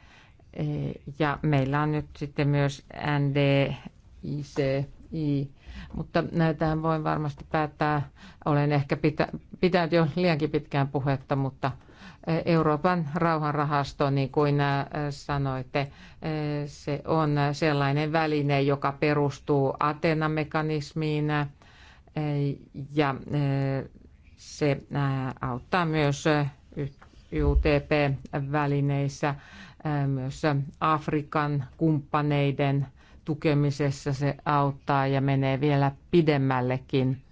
Speaker 3: Eh, ja meillä on nyt sitten myös NDICI, mutta näitähän eh, voin varmasti päättää. Olen ehkä pitä, pitänyt jo liiankin pitkään puhetta, mutta eh, Euroopan rauhanrahasto, niin kuin sanoitte, se on sellainen väline, joka perustuu Atena-mekanismiin ja se auttaa myös utp välineissä myös Afrikan kumppaneiden tukemisessa se auttaa ja menee vielä pidemmällekin.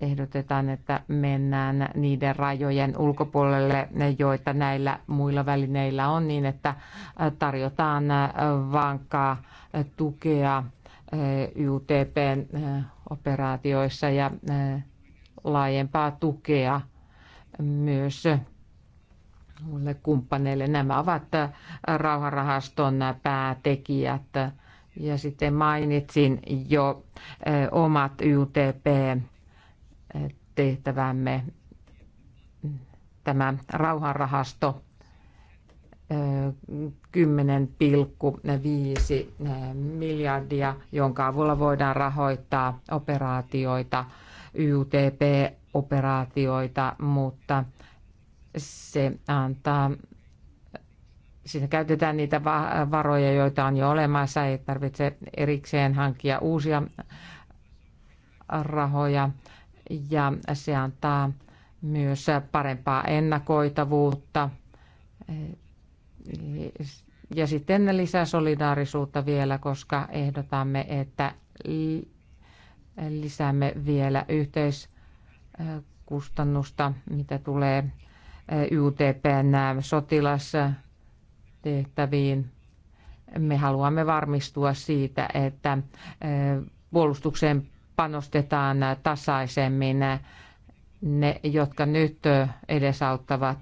Speaker 3: Ehdotetaan, että mennään niiden rajojen ulkopuolelle, joita näillä muilla välineillä on, niin että tarjotaan vankkaa tukea UTP-operaatioissa ja laajempaa tukea myös muille kumppaneille. Nämä ovat äh, rauharahaston päätekijät. Ja sitten mainitsin jo äh, omat YTP-tehtävämme. Äh, Tämä rauhanrahasto 10,5 miljardia, jonka avulla voidaan rahoittaa operaatioita, YTP-operaatioita, mutta – se antaa, siinä käytetään niitä varoja, joita on jo olemassa, ei tarvitse erikseen hankkia uusia rahoja ja se antaa myös parempaa ennakoitavuutta ja sitten lisää solidaarisuutta vielä, koska ehdotamme, että lisäämme vielä yhteiskustannusta, mitä tulee Eh, YTPn eh, sotilastehtäviin. Me haluamme varmistua siitä, että eh, puolustukseen panostetaan tasaisemmin ne, jotka nyt edesauttavat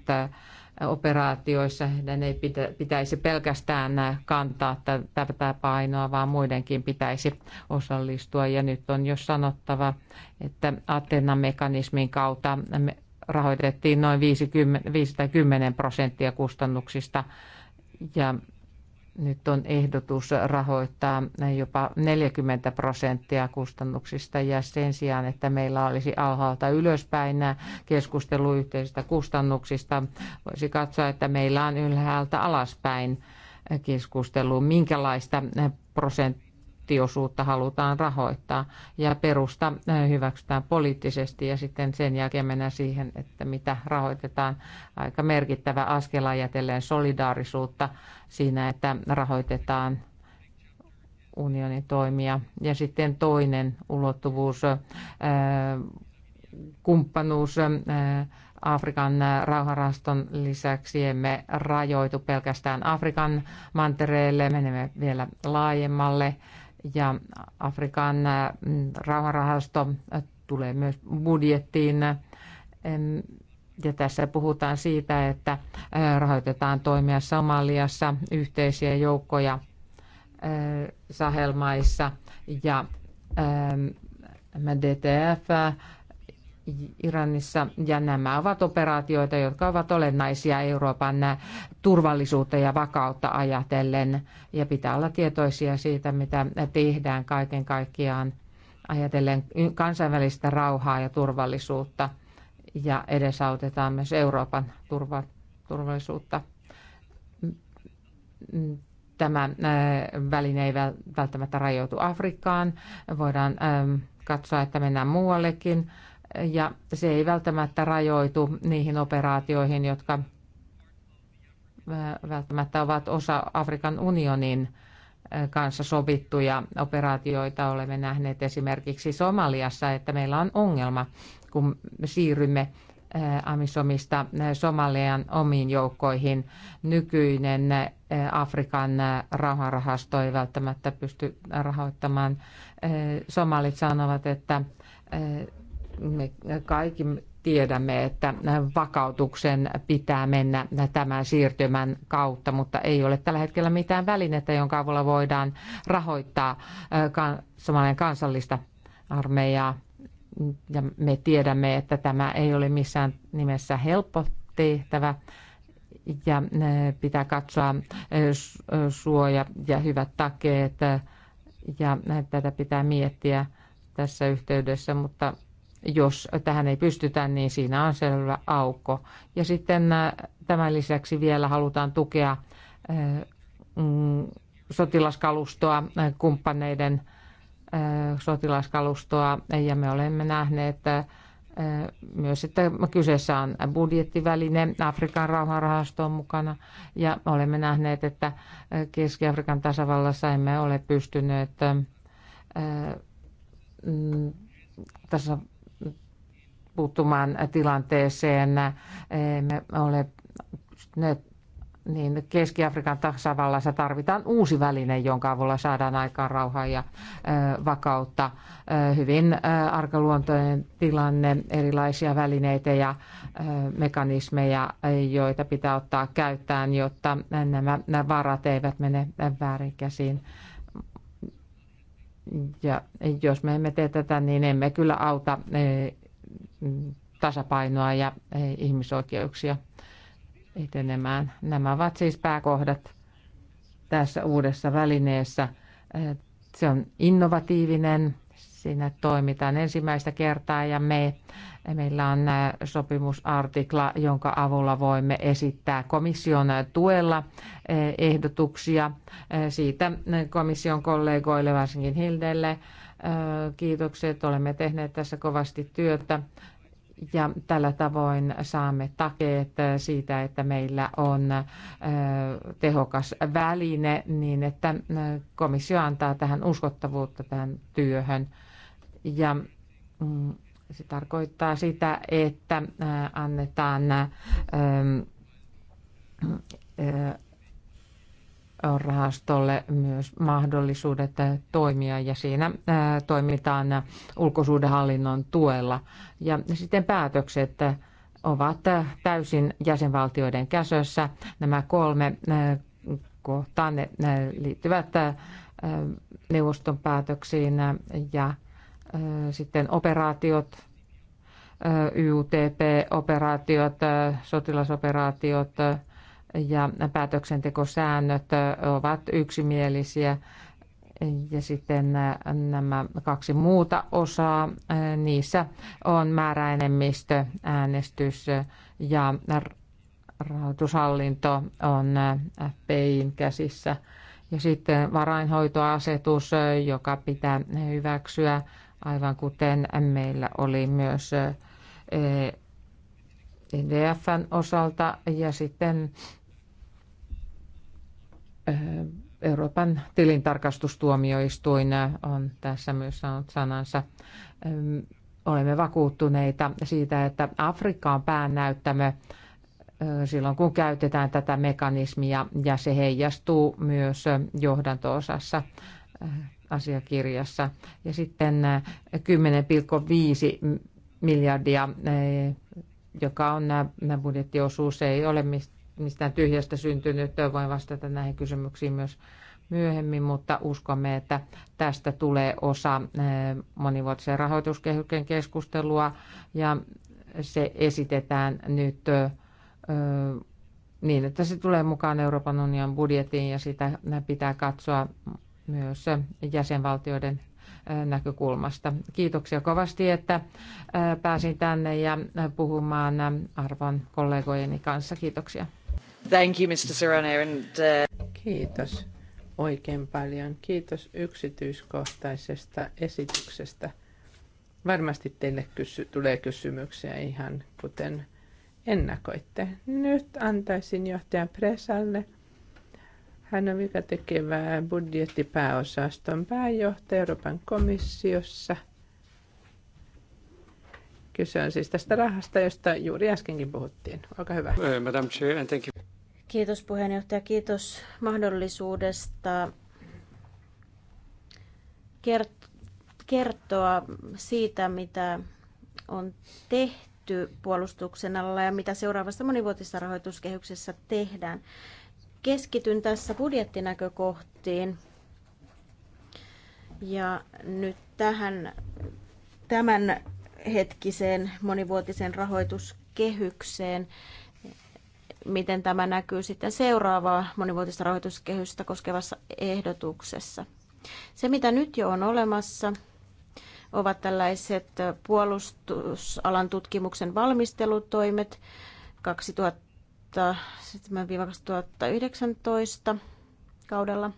Speaker 3: operaatioissa, heidän ei pitäisi pelkästään kantaa tätä painoa, vaan muidenkin pitäisi osallistua. Ja nyt on jo sanottava, että Atenan mekanismin kautta rahoitettiin noin 50, 510 prosenttia kustannuksista ja nyt on ehdotus rahoittaa jopa 40 prosenttia kustannuksista ja sen sijaan, että meillä olisi alhaalta ylöspäin keskustelu yhteisistä kustannuksista, voisi katsoa, että meillä on ylhäältä alaspäin keskustelu, minkälaista prosenttia prosenttiosuutta halutaan rahoittaa ja perusta hyväksytään poliittisesti ja sitten sen jälkeen mennään siihen, että mitä rahoitetaan. Aika merkittävä askel ajatellen solidaarisuutta siinä, että rahoitetaan unionin toimia. Ja sitten toinen ulottuvuus, kumppanuus Afrikan rauharaston lisäksi emme rajoitu pelkästään Afrikan mantereelle, menemme vielä laajemmalle ja Afrikan äh, rauhanrahasto äh, tulee myös budjettiin. Ja tässä puhutaan siitä, että äh, rahoitetaan toimia Somaliassa, yhteisiä joukkoja Sahelmaissa ja ähm, DTF Iranissa, ja nämä ovat operaatioita, jotka ovat olennaisia Euroopan turvallisuutta ja vakautta ajatellen, ja pitää olla tietoisia siitä, mitä tehdään kaiken kaikkiaan ajatellen kansainvälistä rauhaa ja turvallisuutta, ja edesautetaan myös Euroopan turva, turvallisuutta. Tämä äh, väline ei välttämättä rajoitu Afrikkaan, voidaan ähm, katsoa, että mennään muuallekin ja se ei välttämättä rajoitu niihin operaatioihin, jotka välttämättä ovat osa Afrikan unionin kanssa sovittuja operaatioita. Olemme nähneet esimerkiksi Somaliassa, että meillä on ongelma, kun siirrymme Amisomista Somalian omiin joukkoihin. Nykyinen Afrikan raharahasto ei välttämättä pysty rahoittamaan. Somalit sanovat, että me kaikki tiedämme, että vakautuksen pitää mennä tämän siirtymän kautta, mutta ei ole tällä hetkellä mitään välinettä, jonka avulla voidaan rahoittaa somalian kansallista armeijaa. Ja me tiedämme, että tämä ei ole missään nimessä helppo tehtävä ja pitää katsoa suoja ja hyvät takeet ja tätä pitää miettiä tässä yhteydessä, mutta jos tähän ei pystytä, niin siinä on selvä aukko. Ja sitten äh, tämän lisäksi vielä halutaan tukea äh, mm, sotilaskalustoa, äh, kumppaneiden sotilaskalustoa, ja me olemme nähneet että myös, että kyseessä on budjettiväline, Afrikan rauhanrahasto on mukana, ja olemme nähneet, että Keski-Afrikan tasavallassa emme ole pystyneet mm, tässä puuttumaan tilanteeseen. Me ole ne, niin Keski-Afrikan tasavallassa tarvitaan uusi väline, jonka avulla saadaan aikaan rauhaa ja vakautta. hyvin arkaluontoinen tilanne, erilaisia välineitä ja mekanismeja, joita pitää ottaa käyttöön, jotta nämä, nämä varat eivät mene väärin käsiin. Ja jos me emme tee tätä, niin emme kyllä auta tasapainoa ja e, ihmisoikeuksia etenemään. Nämä ovat siis pääkohdat tässä uudessa välineessä. E, se on innovatiivinen, siinä toimitaan ensimmäistä kertaa ja me, e, meillä on sopimusartikla, jonka avulla voimme esittää komission tuella ehdotuksia siitä komission kollegoille, varsinkin Hildelle, Kiitokset, olemme tehneet tässä kovasti työtä ja tällä tavoin saamme takeet siitä, että meillä on tehokas väline niin, että komissio antaa tähän uskottavuutta tähän työhön. Ja mm, se tarkoittaa sitä, että annetaan rahastolle myös mahdollisuudet toimia ja siinä toimitaan ulkosuudenhallinnon tuella. Ja sitten päätökset ovat täysin jäsenvaltioiden käsössä. Nämä kolme kohtaa ne liittyvät neuvoston päätöksiin ja sitten operaatiot, YUTP-operaatiot, sotilasoperaatiot, ja päätöksentekosäännöt ovat yksimielisiä. Ja sitten nämä kaksi muuta osaa, niissä on määräenemmistö, äänestys ja rahoitushallinto on FPIin käsissä. Ja sitten varainhoitoasetus, joka pitää hyväksyä, aivan kuten meillä oli myös EDFn osalta ja sitten Euroopan tilintarkastustuomioistuin on tässä myös sanonut sanansa. Olemme vakuuttuneita siitä, että Afrikka on päännäyttämö silloin, kun käytetään tätä mekanismia ja se heijastuu myös johdanto-osassa asiakirjassa. Ja sitten 10,5 miljardia joka on nämä budjettiosuus, ei ole mistään tyhjästä syntynyt. Voin vastata näihin kysymyksiin myös myöhemmin, mutta uskomme, että tästä tulee osa monivuotisen rahoituskehyksen keskustelua ja se esitetään nyt niin, että se tulee mukaan Euroopan unionin budjettiin ja sitä pitää katsoa myös jäsenvaltioiden näkökulmasta. Kiitoksia kovasti, että pääsin tänne ja puhumaan arvon kollegojeni kanssa. Kiitoksia. Thank you, Mr. Serrano. And, uh...
Speaker 2: Kiitos oikein paljon. Kiitos yksityiskohtaisesta esityksestä. Varmasti teille kysy- tulee kysymyksiä ihan kuten ennakoitte. Nyt antaisin johtajan Presalle – hän on virkatekevää budjettipääosaston pääjohtaja Euroopan komissiossa. Kyse on siis
Speaker 1: tästä rahasta, josta juuri äskenkin puhuttiin. Olkaa hyvä. Eh,
Speaker 2: Madam Chair, thank you.
Speaker 1: Kiitos puheenjohtaja, kiitos mahdollisuudesta kertoa siitä, mitä on tehty puolustuksen alalla ja mitä seuraavassa monivuotisessa rahoituskehyksessä tehdään keskityn tässä budjettinäkökohtiin. Ja nyt tähän tämän hetkiseen monivuotiseen rahoituskehykseen, miten tämä näkyy sitten seuraavaa monivuotista rahoituskehystä koskevassa ehdotuksessa. Se, mitä nyt jo on olemassa, ovat tällaiset puolustusalan tutkimuksen valmistelutoimet 2007-2019 kaudella.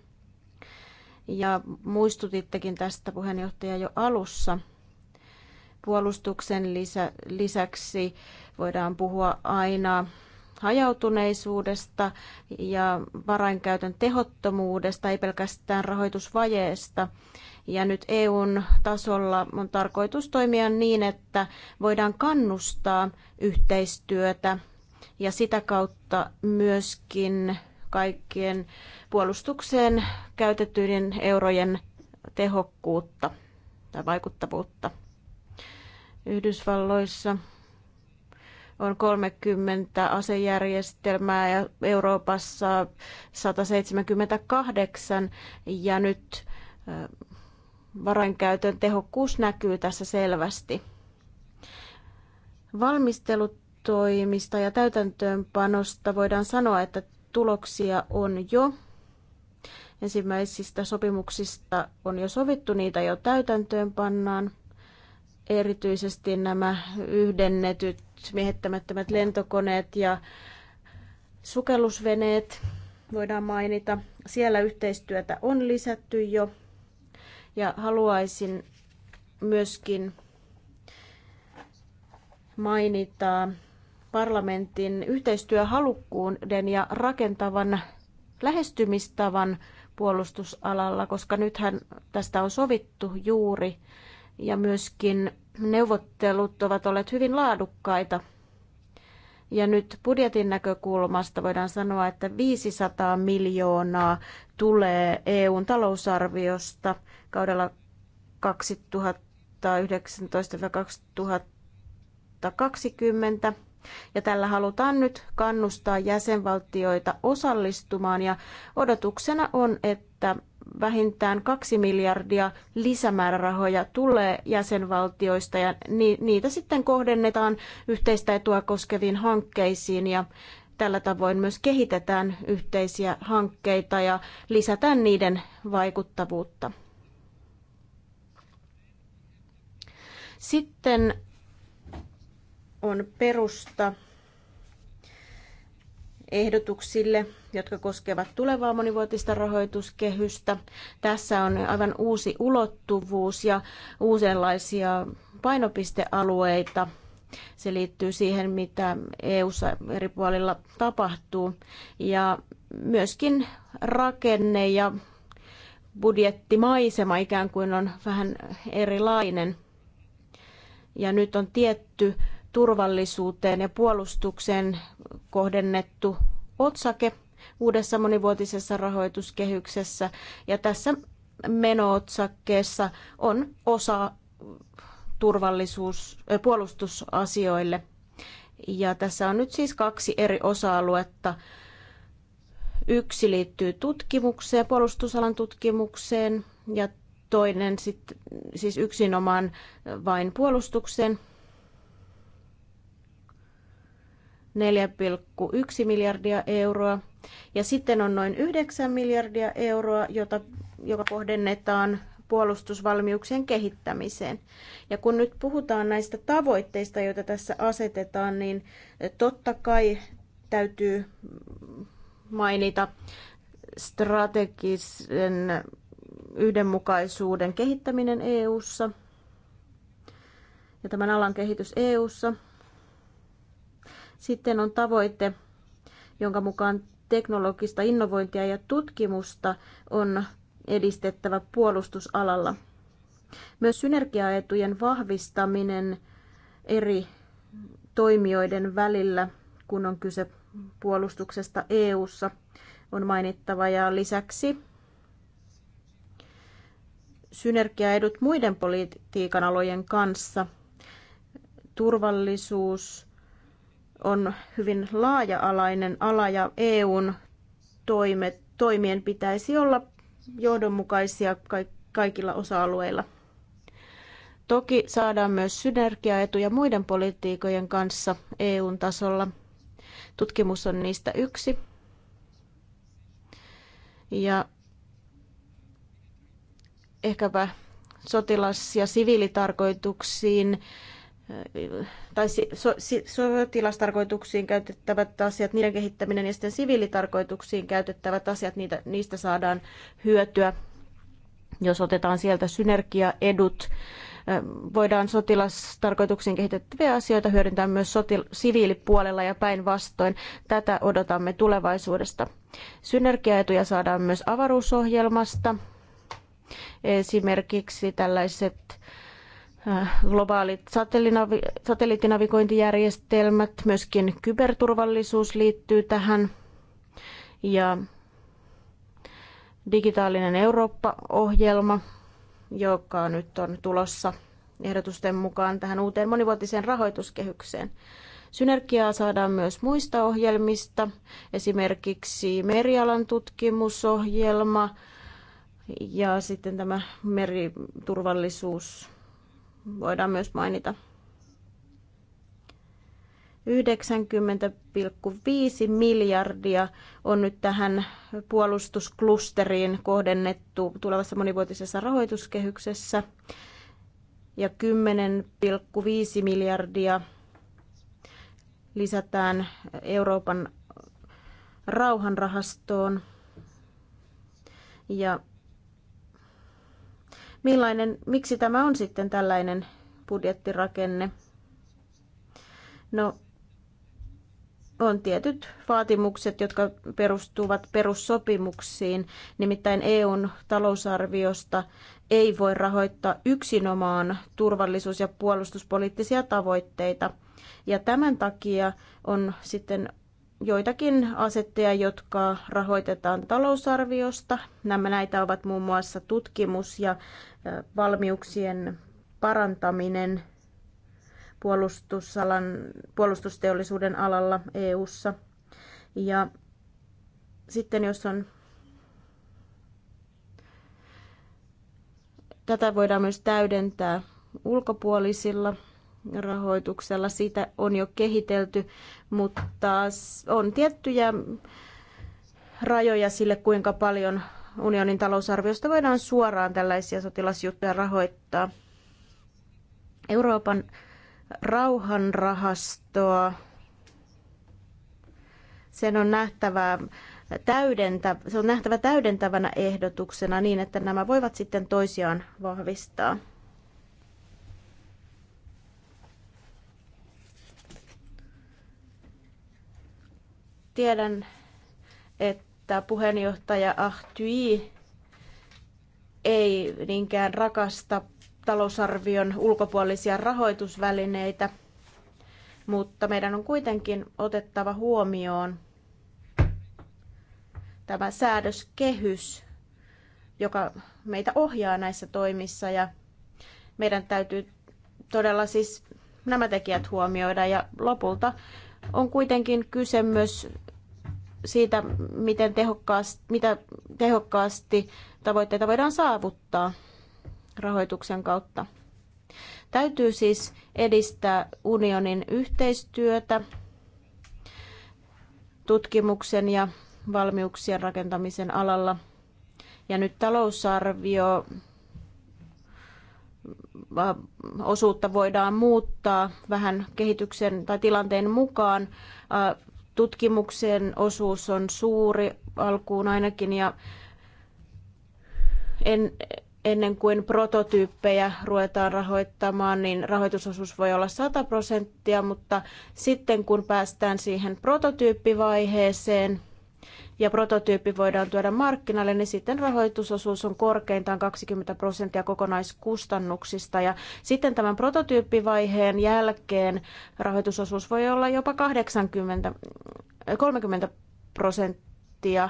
Speaker 1: Ja muistutittekin tästä puheenjohtaja jo alussa. Puolustuksen lisä, lisäksi voidaan puhua aina hajautuneisuudesta ja varainkäytön tehottomuudesta, ei pelkästään rahoitusvajeesta. Ja nyt EUn tasolla on tarkoitus toimia niin, että voidaan kannustaa yhteistyötä ja sitä kautta myöskin kaikkien puolustukseen käytettyjen eurojen tehokkuutta tai vaikuttavuutta. Yhdysvalloissa on 30 asejärjestelmää ja Euroopassa 178 ja nyt varainkäytön tehokkuus näkyy tässä selvästi. Valmistelut toimista ja täytäntöönpanosta voidaan sanoa, että tuloksia on jo. Ensimmäisistä sopimuksista on jo sovittu, niitä jo täytäntöönpannaan. Erityisesti nämä yhdennetyt miehittämättömät lentokoneet ja sukellusveneet voidaan mainita. Siellä yhteistyötä on lisätty jo ja haluaisin myöskin mainita parlamentin yhteistyöhalukkuuden ja rakentavan lähestymistavan puolustusalalla, koska nythän tästä on sovittu juuri ja myöskin neuvottelut ovat olleet hyvin laadukkaita. Ja nyt budjetin näkökulmasta voidaan sanoa, että 500 miljoonaa tulee EUn talousarviosta kaudella 2019-2020. Ja tällä halutaan nyt kannustaa jäsenvaltioita osallistumaan ja odotuksena on, että vähintään kaksi miljardia lisämäärärahoja tulee jäsenvaltioista ja niitä sitten kohdennetaan yhteistä etua koskeviin hankkeisiin ja tällä tavoin myös kehitetään yhteisiä hankkeita ja lisätään niiden vaikuttavuutta. Sitten on perusta ehdotuksille, jotka koskevat tulevaa monivuotista rahoituskehystä. Tässä on aivan uusi ulottuvuus ja uudenlaisia painopistealueita. Se liittyy siihen, mitä eu eri puolilla tapahtuu. Ja myöskin rakenne ja budjettimaisema ikään kuin on vähän erilainen. Ja nyt on tietty turvallisuuteen ja puolustukseen kohdennettu otsake uudessa monivuotisessa rahoituskehyksessä. Ja tässä menootsakkeessa on osa turvallisuus, puolustusasioille. Ja tässä on nyt siis kaksi eri osa-aluetta. Yksi liittyy tutkimukseen, puolustusalan tutkimukseen ja toinen sit, siis yksinomaan vain puolustukseen. 4,1 miljardia euroa. Ja sitten on noin 9 miljardia euroa, jota, joka kohdennetaan puolustusvalmiuksien kehittämiseen. Ja kun nyt puhutaan näistä tavoitteista, joita tässä asetetaan, niin totta kai täytyy mainita strategisen yhdenmukaisuuden kehittäminen EU:ssa ja tämän alan kehitys EU:ssa sitten on tavoite, jonka mukaan teknologista innovointia ja tutkimusta on edistettävä puolustusalalla. Myös synergiaetujen vahvistaminen eri toimijoiden välillä, kun on kyse puolustuksesta EU:ssa, on mainittava ja lisäksi synergiaedut muiden politiikan alojen kanssa, turvallisuus, on hyvin laaja-alainen ala ja EUn toimet, toimien pitäisi olla johdonmukaisia kaikilla osa-alueilla. Toki saadaan myös synergiaetuja muiden politiikojen kanssa EUn tasolla. Tutkimus on niistä yksi. Ja ehkäpä sotilas- ja siviilitarkoituksiin tai sotilastarkoituksiin käytettävät asiat, niiden kehittäminen ja sitten siviilitarkoituksiin käytettävät asiat, niitä, niistä saadaan hyötyä, jos otetaan sieltä synergiaedut. Voidaan sotilastarkoituksiin kehitettäviä asioita hyödyntää myös sotil- siviilipuolella ja päinvastoin. Tätä odotamme tulevaisuudesta. Synergiaetuja saadaan myös avaruusohjelmasta. Esimerkiksi tällaiset Äh, globaalit satelliittinavigointijärjestelmät, myöskin kyberturvallisuus liittyy tähän ja digitaalinen Eurooppa-ohjelma, joka nyt on tulossa ehdotusten mukaan tähän uuteen monivuotiseen rahoituskehykseen. Synergiaa saadaan myös muista ohjelmista, esimerkiksi merialan tutkimusohjelma ja sitten tämä meriturvallisuus voidaan myös mainita. 90,5 miljardia on nyt tähän puolustusklusteriin kohdennettu tulevassa monivuotisessa rahoituskehyksessä ja 10,5 miljardia lisätään Euroopan rauhanrahastoon ja millainen, miksi tämä on sitten tällainen budjettirakenne? No, on tietyt vaatimukset, jotka perustuvat perussopimuksiin. Nimittäin EUn talousarviosta ei voi rahoittaa yksinomaan turvallisuus- ja puolustuspoliittisia tavoitteita. Ja tämän takia on sitten joitakin asetteja, jotka rahoitetaan talousarviosta. Nämä näitä ovat muun muassa tutkimus ja valmiuksien parantaminen puolustusalan, puolustusteollisuuden alalla EU:ssa. Ja sitten jos on tätä voidaan myös täydentää ulkopuolisilla rahoituksella. sitä on jo kehitelty, mutta on tiettyjä rajoja sille, kuinka paljon unionin talousarviosta voidaan suoraan tällaisia sotilasjuttuja rahoittaa. Euroopan rauhanrahastoa, sen on nähtävää täydentä, se on nähtävä täydentävänä ehdotuksena niin, että nämä voivat sitten toisiaan vahvistaa. Tiedän, että puheenjohtaja Ahtui ei niinkään rakasta talousarvion ulkopuolisia rahoitusvälineitä, mutta meidän on kuitenkin otettava huomioon tämä säädöskehys, joka meitä ohjaa näissä toimissa ja meidän täytyy todella siis nämä tekijät huomioida ja lopulta on kuitenkin kyse myös siitä, miten tehokkaasti, mitä tehokkaasti tavoitteita voidaan saavuttaa rahoituksen kautta. Täytyy siis edistää unionin yhteistyötä tutkimuksen ja valmiuksien rakentamisen alalla. Ja nyt talousarvio osuutta voidaan muuttaa vähän kehityksen tai tilanteen mukaan. Tutkimuksen osuus on suuri alkuun ainakin ja en, ennen kuin prototyyppejä ruvetaan rahoittamaan, niin rahoitusosuus voi olla 100 prosenttia, mutta sitten kun päästään siihen prototyyppivaiheeseen, ja prototyyppi voidaan tuoda markkinalle, niin sitten rahoitusosuus on korkeintaan 20 prosenttia kokonaiskustannuksista. Ja sitten tämän prototyyppivaiheen jälkeen rahoitusosuus voi olla jopa 80, 30 äh, prosenttia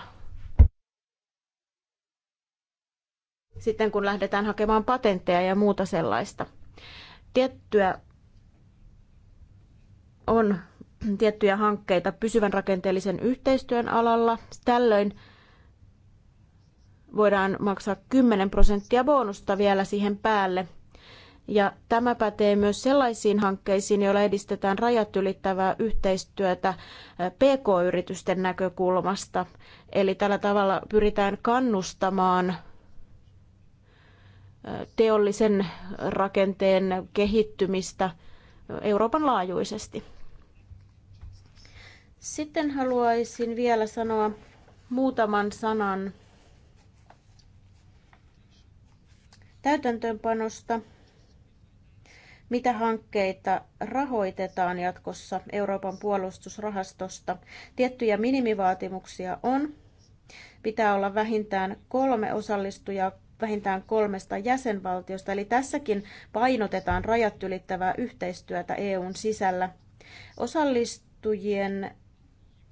Speaker 1: sitten kun lähdetään hakemaan patentteja ja muuta sellaista. Tiettyä on tiettyjä hankkeita pysyvän rakenteellisen yhteistyön alalla. Tällöin voidaan maksaa 10 prosenttia bonusta vielä siihen päälle. Ja tämä pätee myös sellaisiin hankkeisiin, joilla edistetään rajat ylittävää yhteistyötä PK-yritysten näkökulmasta. Eli tällä tavalla pyritään kannustamaan teollisen rakenteen kehittymistä Euroopan laajuisesti. Sitten haluaisin vielä sanoa muutaman sanan täytäntöönpanosta, mitä hankkeita rahoitetaan jatkossa Euroopan puolustusrahastosta. Tiettyjä minimivaatimuksia on. Pitää olla vähintään kolme osallistujaa vähintään kolmesta jäsenvaltiosta, eli tässäkin painotetaan rajat ylittävää yhteistyötä EUn sisällä. Osallistujien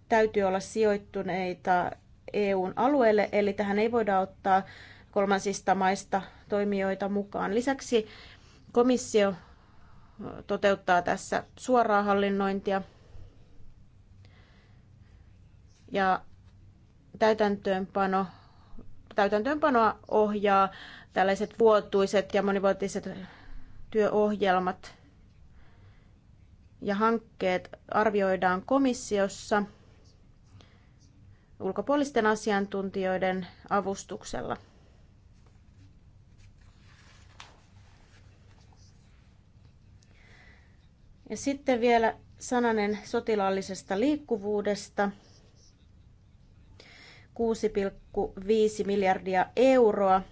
Speaker 1: täytyy olla sijoittuneita EUn alueelle, eli tähän ei voida ottaa kolmansista maista toimijoita mukaan. Lisäksi komissio toteuttaa tässä suoraa hallinnointia ja täytäntöönpano, täytäntöönpanoa ohjaa tällaiset vuotuiset ja monivuotiset työohjelmat ja hankkeet arvioidaan komissiossa – ulkopuolisten asiantuntijoiden avustuksella. Ja sitten vielä sananen sotilaallisesta liikkuvuudesta. 6,5 miljardia euroa.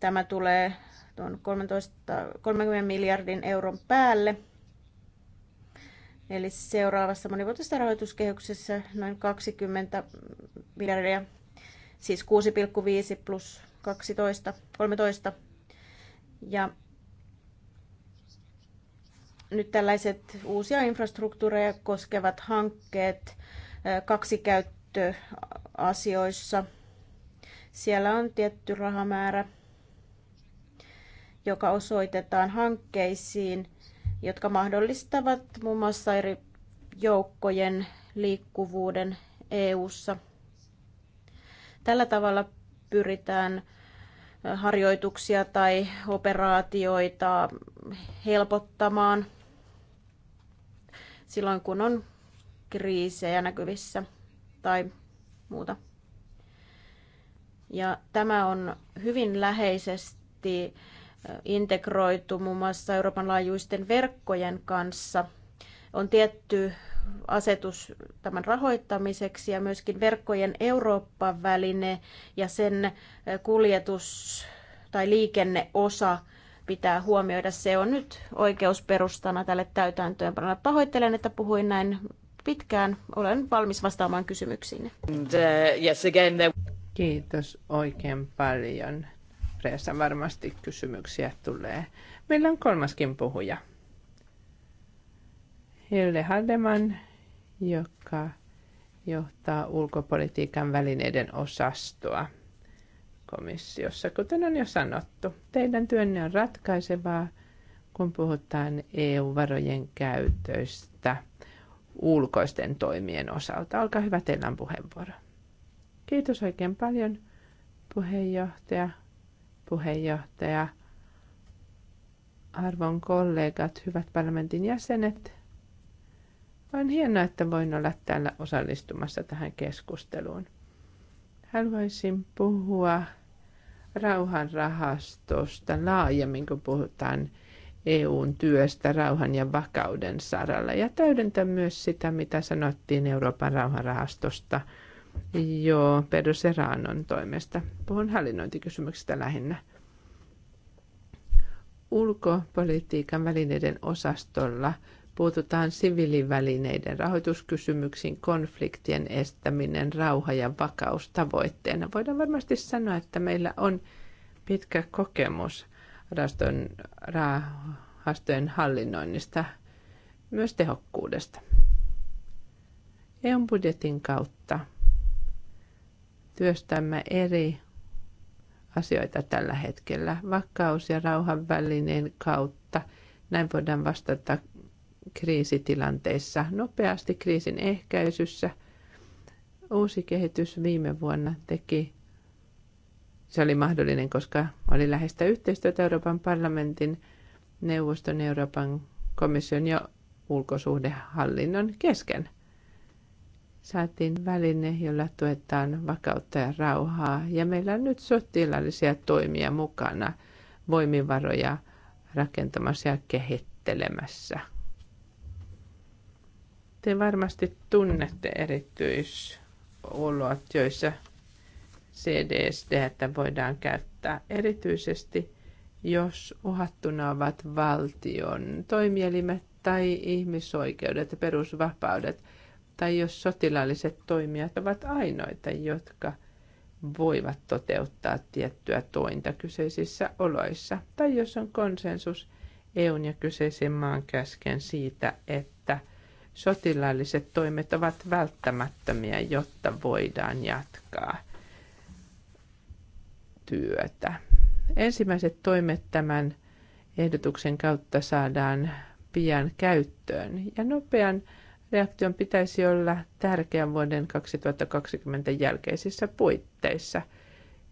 Speaker 1: Tämä tulee tuon 13, 30 miljardin euron päälle – Eli seuraavassa monivuotisessa rahoituskehyksessä noin 20 miljardia, siis 6,5 plus 12, 13. Ja nyt tällaiset uusia infrastruktuureja koskevat hankkeet kaksikäyttöasioissa. Siellä on tietty rahamäärä, joka osoitetaan hankkeisiin, jotka mahdollistavat muun muassa eri joukkojen liikkuvuuden EU:ssa. Tällä tavalla pyritään harjoituksia tai operaatioita helpottamaan silloin, kun on kriisejä näkyvissä tai muuta. Ja tämä on hyvin läheisesti integroitu muun muassa Euroopan laajuisten verkkojen kanssa. On tietty asetus tämän rahoittamiseksi ja myöskin verkkojen Euroopan väline ja sen eh, kuljetus- tai liikenneosa pitää huomioida. Se on nyt oikeusperustana tälle täytäntöönpanolle. Pahoittelen, että puhuin näin pitkään. Olen valmis vastaamaan kysymyksiin.
Speaker 3: Eh,
Speaker 2: Kiitos oikein paljon. Freessa varmasti kysymyksiä tulee. Meillä on kolmaskin puhuja. Hilde Haldeman, joka johtaa ulkopolitiikan välineiden osastoa komissiossa. Kuten on jo sanottu, teidän työnne on ratkaisevaa, kun puhutaan EU-varojen käytöstä ulkoisten toimien osalta. Olkaa hyvä, teillä on puheenvuoro. Kiitos oikein paljon, puheenjohtaja puheenjohtaja, arvon kollegat, hyvät parlamentin jäsenet. On hienoa, että voin olla täällä osallistumassa tähän keskusteluun. Haluaisin puhua rauhanrahastosta laajemmin, kun puhutaan EUn työstä rauhan ja vakauden saralla. Ja täydentää myös sitä, mitä sanottiin Euroopan rauhanrahastosta – jo Pedro Serranon toimesta. Puhun hallinnointikysymyksistä lähinnä. Ulkopolitiikan välineiden osastolla puututaan siviilivälineiden rahoituskysymyksiin, konfliktien estäminen, rauha ja vakaus tavoitteena. Voidaan varmasti sanoa, että meillä on pitkä kokemus rahastojen, rahastojen hallinnoinnista, myös tehokkuudesta. eu budjetin kautta työstämme eri asioita tällä hetkellä vakaus- ja rauhan kautta. Näin voidaan vastata kriisitilanteissa nopeasti kriisin ehkäisyssä. Uusi kehitys viime vuonna teki, se oli mahdollinen, koska oli läheistä yhteistyötä Euroopan parlamentin, neuvoston, Euroopan komission ja ulkosuhdehallinnon kesken – saatiin väline, jolla tuetaan vakautta ja rauhaa. Ja meillä on nyt sotilaallisia toimia mukana, voimivaroja rakentamassa ja kehittelemässä. Te varmasti tunnette erityisolot, joissa CDSD voidaan käyttää erityisesti, jos uhattuna ovat valtion toimielimet tai ihmisoikeudet ja perusvapaudet – tai jos sotilaalliset toimijat ovat ainoita, jotka voivat toteuttaa tiettyä tointa kyseisissä oloissa, tai jos on konsensus EUn ja kyseisen maan käsken siitä, että sotilaalliset toimet ovat välttämättömiä, jotta voidaan jatkaa työtä. Ensimmäiset toimet tämän ehdotuksen kautta saadaan pian käyttöön ja nopean reaktion pitäisi olla tärkeän vuoden 2020 jälkeisissä puitteissa,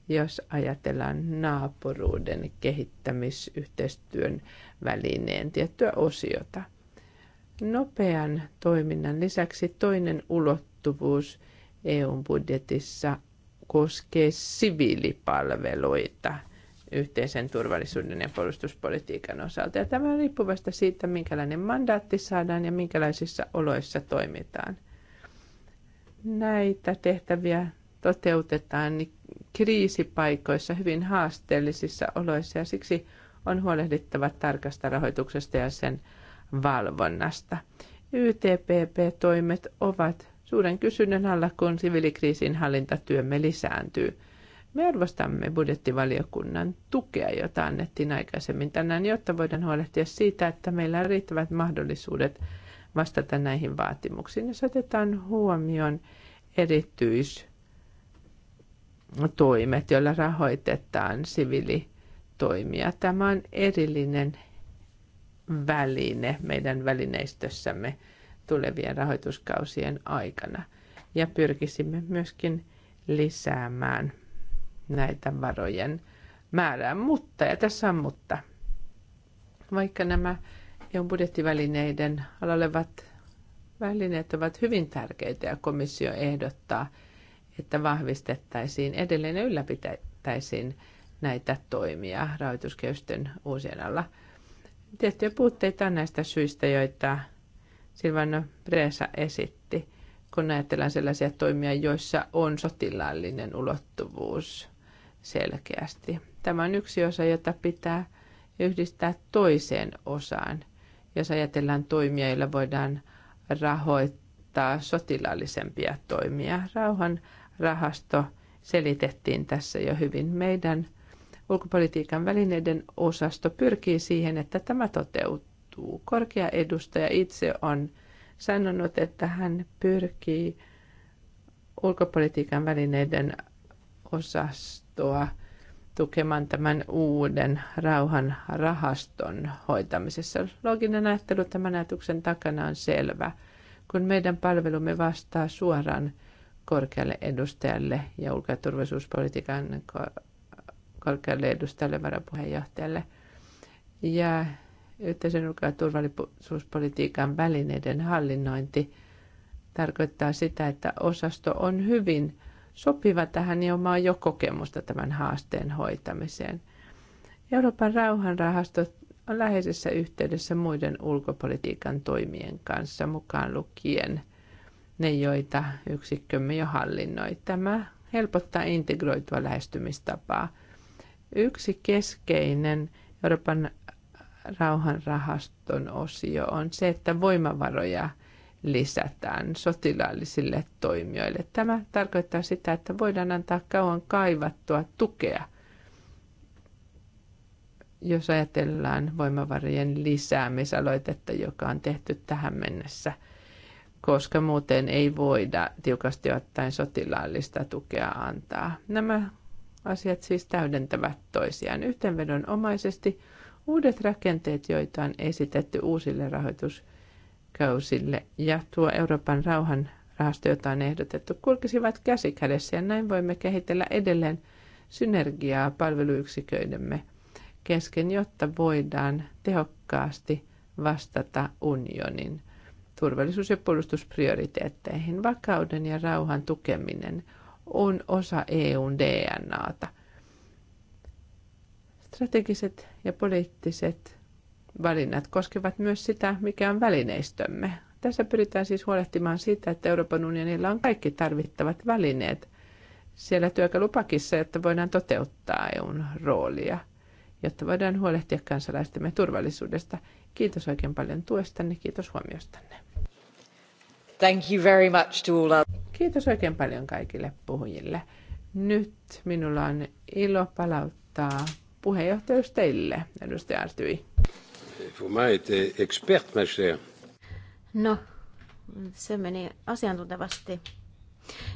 Speaker 2: jos ajatellaan naapuruuden kehittämisyhteistyön välineen tiettyä osiota. Nopean toiminnan lisäksi toinen ulottuvuus eu budjetissa koskee siviilipalveluita – yhteisen turvallisuuden ja puolustuspolitiikan osalta. Ja tämä on riippuvasta siitä, minkälainen mandaatti saadaan ja minkälaisissa oloissa toimitaan. Näitä tehtäviä toteutetaan niin kriisipaikoissa hyvin haasteellisissa oloissa ja siksi on huolehdittava tarkasta rahoituksesta ja sen valvonnasta. YTPP-toimet ovat suuren kysynnän alla, kun siviilikriisin hallintatyömme lisääntyy – me arvostamme budjettivaliokunnan tukea, jota annettiin aikaisemmin tänään, jotta voidaan huolehtia siitä, että meillä on riittävät mahdollisuudet vastata näihin vaatimuksiin. Jos otetaan huomioon erityistoimet, joilla rahoitetaan siviilitoimia, tämä on erillinen väline meidän välineistössämme tulevien rahoituskausien aikana. Ja pyrkisimme myöskin lisäämään näitä varojen määrää. Mutta, ja tässä on mutta, vaikka nämä EUn budjettivälineiden alalevat välineet ovat hyvin tärkeitä ja komissio ehdottaa, että vahvistettaisiin edelleen ja ylläpitäisiin näitä toimia rahoituskehysten uusien alla. Tiettyjä puutteita on näistä syistä, joita Silvano Reesa esitti, kun ajatellaan sellaisia toimia, joissa on sotilaallinen ulottuvuus – selkeästi. Tämä on yksi osa, jota pitää yhdistää toiseen osaan, jos ajatellaan toimia, joilla voidaan rahoittaa sotilaallisempia toimia. Rauhan rahasto selitettiin tässä jo hyvin. Meidän ulkopolitiikan välineiden osasto pyrkii siihen, että tämä toteutuu. Korkea edustaja itse on sanonut, että hän pyrkii ulkopolitiikan välineiden osasto tahtoa tukemaan tämän uuden rauhan rahaston hoitamisessa. Loginen ajattelu tämän ajatuksen takana on selvä, kun meidän palvelumme vastaa suoraan korkealle edustajalle ja ulko- ja turvallisuuspolitiikan korkealle edustajalle varapuheenjohtajalle. Ja yhteisen ulko- ja turvallisuuspolitiikan välineiden hallinnointi tarkoittaa sitä, että osasto on hyvin – sopiva tähän, niin on jo kokemusta tämän haasteen hoitamiseen. Euroopan rauhanrahasto on läheisessä yhteydessä muiden ulkopolitiikan toimien kanssa, mukaan lukien ne, joita yksikkömme jo hallinnoi. Tämä helpottaa integroitua lähestymistapaa. Yksi keskeinen Euroopan rauhanrahaston osio on se, että voimavaroja lisätään sotilaallisille toimijoille. Tämä tarkoittaa sitä, että voidaan antaa kauan kaivattua tukea, jos ajatellaan voimavarien lisäämisaloitetta, joka on tehty tähän mennessä, koska muuten ei voida tiukasti ottaen sotilaallista tukea antaa. Nämä asiat siis täydentävät toisiaan. Yhteenvedonomaisesti uudet rakenteet, joita on esitetty uusille rahoitus kausille ja tuo Euroopan rauhan rahasto, jota on ehdotettu, kulkisivat käsi kädessä ja näin voimme kehitellä edelleen synergiaa palveluyksiköidemme kesken, jotta voidaan tehokkaasti vastata unionin turvallisuus- ja puolustusprioriteetteihin. Vakauden ja rauhan tukeminen on osa EUn DNAta. Strategiset ja poliittiset valinnat koskevat myös sitä, mikä on välineistömme. Tässä pyritään siis huolehtimaan siitä, että Euroopan unionilla on kaikki tarvittavat välineet siellä työkalupakissa, jotta voidaan toteuttaa EUn roolia, jotta voidaan huolehtia kansalaistemme turvallisuudesta. Kiitos oikein paljon tuestanne, kiitos huomiostanne. Thank you very much to all Kiitos oikein paljon kaikille puhujille. Nyt minulla on ilo palauttaa puheenjohtajuus teille,
Speaker 1: edustaja Artyi. Fuma était expert, ma chère. No, se meni asiantuntevasti.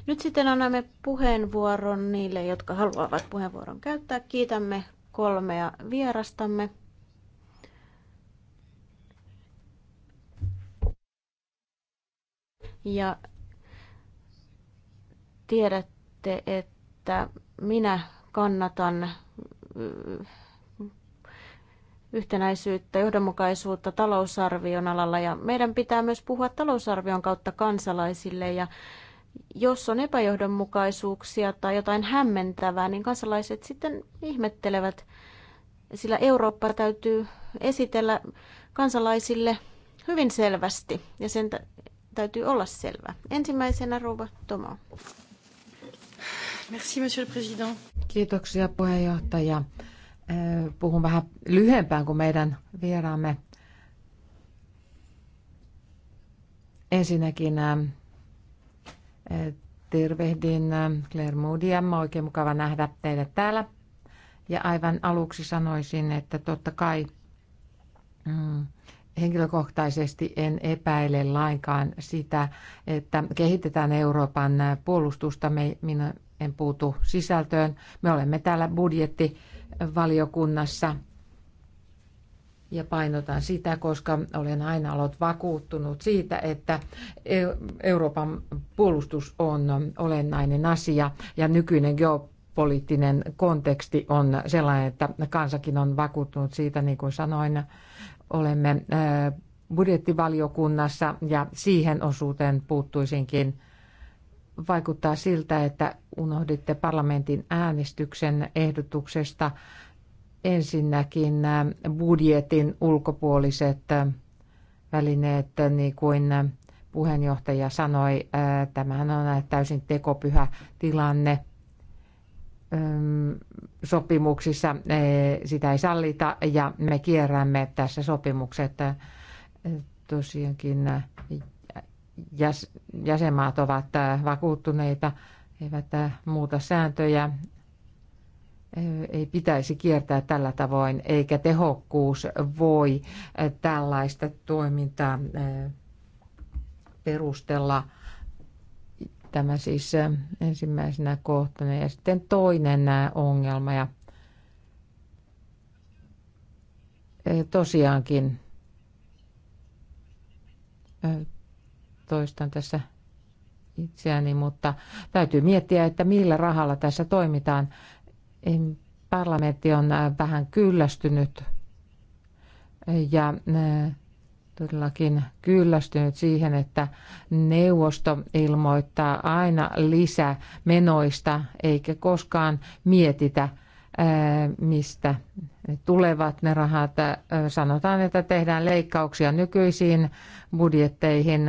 Speaker 1: Nyt sitten annamme puheenvuoron niille, jotka haluavat puheenvuoron käyttää. Kiitämme kolmea vierastamme. Ja tiedätte, että minä kannatan mm, yhtenäisyyttä, johdonmukaisuutta talousarvion alalla ja meidän pitää myös puhua talousarvion kautta kansalaisille ja jos on epäjohdonmukaisuuksia tai jotain hämmentävää, niin kansalaiset sitten ihmettelevät, sillä Eurooppa täytyy esitellä kansalaisille hyvin selvästi ja sen täytyy olla selvä. Ensimmäisenä Rouva Tomo. Merci, monsieur le président.
Speaker 3: Kiitoksia puheenjohtaja. Äh, puhun vähän lyhyempään kuin meidän vieraamme. Ensinnäkin äh, äh, tervehdin Claire Moodia. Oikein mukava nähdä teidät täällä. Ja aivan aluksi sanoisin, että totta kai mm, henkilökohtaisesti en epäile lainkaan sitä, että kehitetään Euroopan puolustusta. Me, minä en puutu sisältöön. Me olemme täällä budjetti valiokunnassa. Ja painotan sitä, koska olen aina ollut vakuuttunut siitä, että Euroopan puolustus on olennainen asia ja nykyinen geopoliittinen konteksti on sellainen, että kansakin on vakuuttunut siitä, niin kuin sanoin, olemme budjettivaliokunnassa ja siihen osuuteen puuttuisinkin – vaikuttaa siltä, että unohditte parlamentin äänestyksen ehdotuksesta ensinnäkin äh, budjetin ulkopuoliset äh, välineet, äh, niin kuin puheenjohtaja sanoi, tämähän on täysin tekopyhä tilanne. Sopimuksissa sitä ei sallita ja me kierrämme tässä sopimukset tosiaankin jäsenmaat ovat äh, vakuuttuneita, eivät äh, muuta sääntöjä, äh, ei pitäisi kiertää tällä tavoin, eikä tehokkuus voi tällaista toimintaa perustella. Tämä siis ensimmäisenä kohtana. Ja sitten toinen ongelma. Ja tosiaankin toistan tässä itseäni, mutta täytyy miettiä, että millä rahalla tässä toimitaan. Parlamentti on äh, vähän kyllästynyt ja äh, todellakin kyllästynyt siihen, että neuvosto ilmoittaa aina lisää menoista eikä koskaan mietitä, äh, mistä tulevat ne rahat. Sanotaan, että tehdään leikkauksia nykyisiin budjetteihin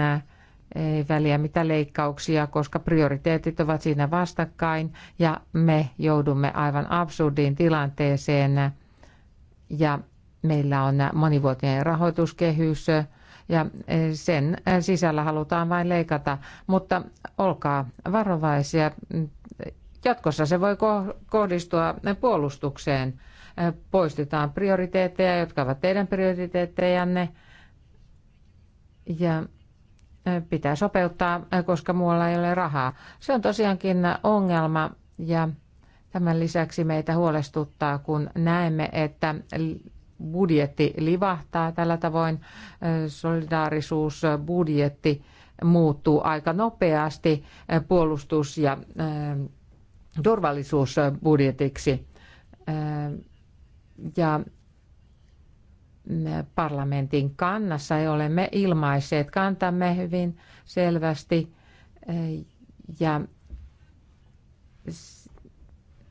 Speaker 3: ei väliä mitä leikkauksia, koska prioriteetit ovat siinä vastakkain ja me joudumme aivan absurdiin tilanteeseen ja meillä on monivuotinen rahoituskehys ja sen sisällä halutaan vain leikata, mutta olkaa varovaisia. Jatkossa se voi kohdistua puolustukseen. Poistetaan prioriteetteja, jotka ovat teidän prioriteettejanne. Ja pitää sopeuttaa, koska muualla ei ole rahaa. Se on tosiaankin ongelma ja tämän lisäksi meitä huolestuttaa, kun näemme, että budjetti livahtaa tällä tavoin, solidaarisuusbudjetti muuttuu aika nopeasti puolustus- ja turvallisuusbudjetiksi. Ja parlamentin kannassa ja olemme ilmaisseet kantamme hyvin selvästi ja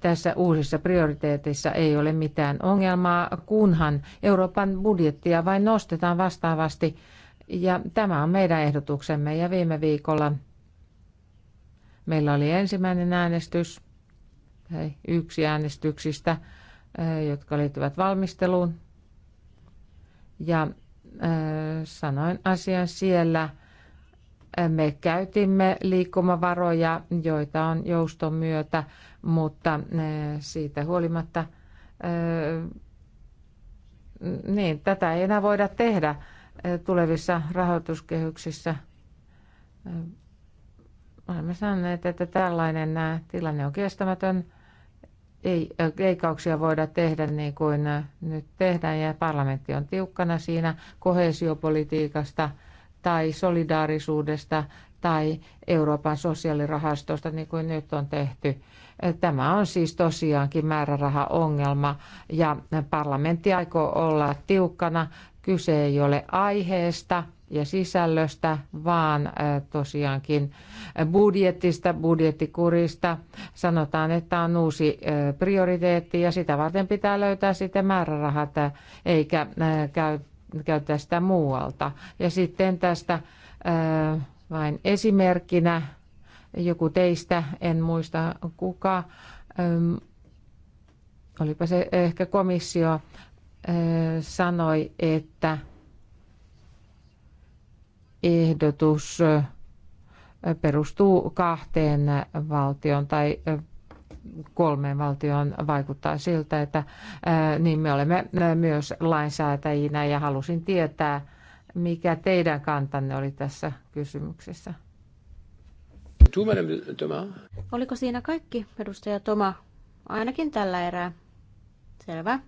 Speaker 3: tässä uusissa prioriteeteissa ei ole mitään ongelmaa, kunhan Euroopan budjettia vain nostetaan vastaavasti. Ja tämä on meidän ehdotuksemme. Ja viime viikolla meillä oli ensimmäinen äänestys, yksi äänestyksistä, jotka liittyvät valmisteluun ja äh, sanoin asian siellä. Äh, me käytimme liikkumavaroja, joita on jouston myötä, mutta äh, siitä huolimatta niin, tätä ei enää voida tehdä tulevissa rahoituskehyksissä. Olemme sanoneet, että tällainen tilanne on kestämätön ei äh, leikkauksia voida tehdä niin kuin äh, nyt tehdään ja parlamentti on tiukkana siinä kohesiopolitiikasta tai solidaarisuudesta tai Euroopan sosiaalirahastosta, niin kuin nyt on tehty. Äh, tämä on siis tosiaankin määrärahaongelma ja parlamentti aikoo olla tiukkana. Kyse ei ole aiheesta, ja sisällöstä, vaan äh, tosiaankin budjettista, budjettikurista. Sanotaan, että on uusi äh, prioriteetti ja sitä varten pitää löytää sitten määrärahat äh, eikä käyttää sitä muualta. Ja sitten tästä vain esimerkkinä joku teistä, en muista kuka, ähm, olipa se ehkä komissio, sanoi, että ehdotus perustuu kahteen valtion tai kolmeen valtioon vaikuttaa siltä, että niin me olemme myös lainsäätäjinä ja halusin tietää, mikä teidän kantanne oli tässä
Speaker 1: kysymyksessä. Oliko siinä kaikki, edustaja Toma? Ainakin tällä erää. Selvä.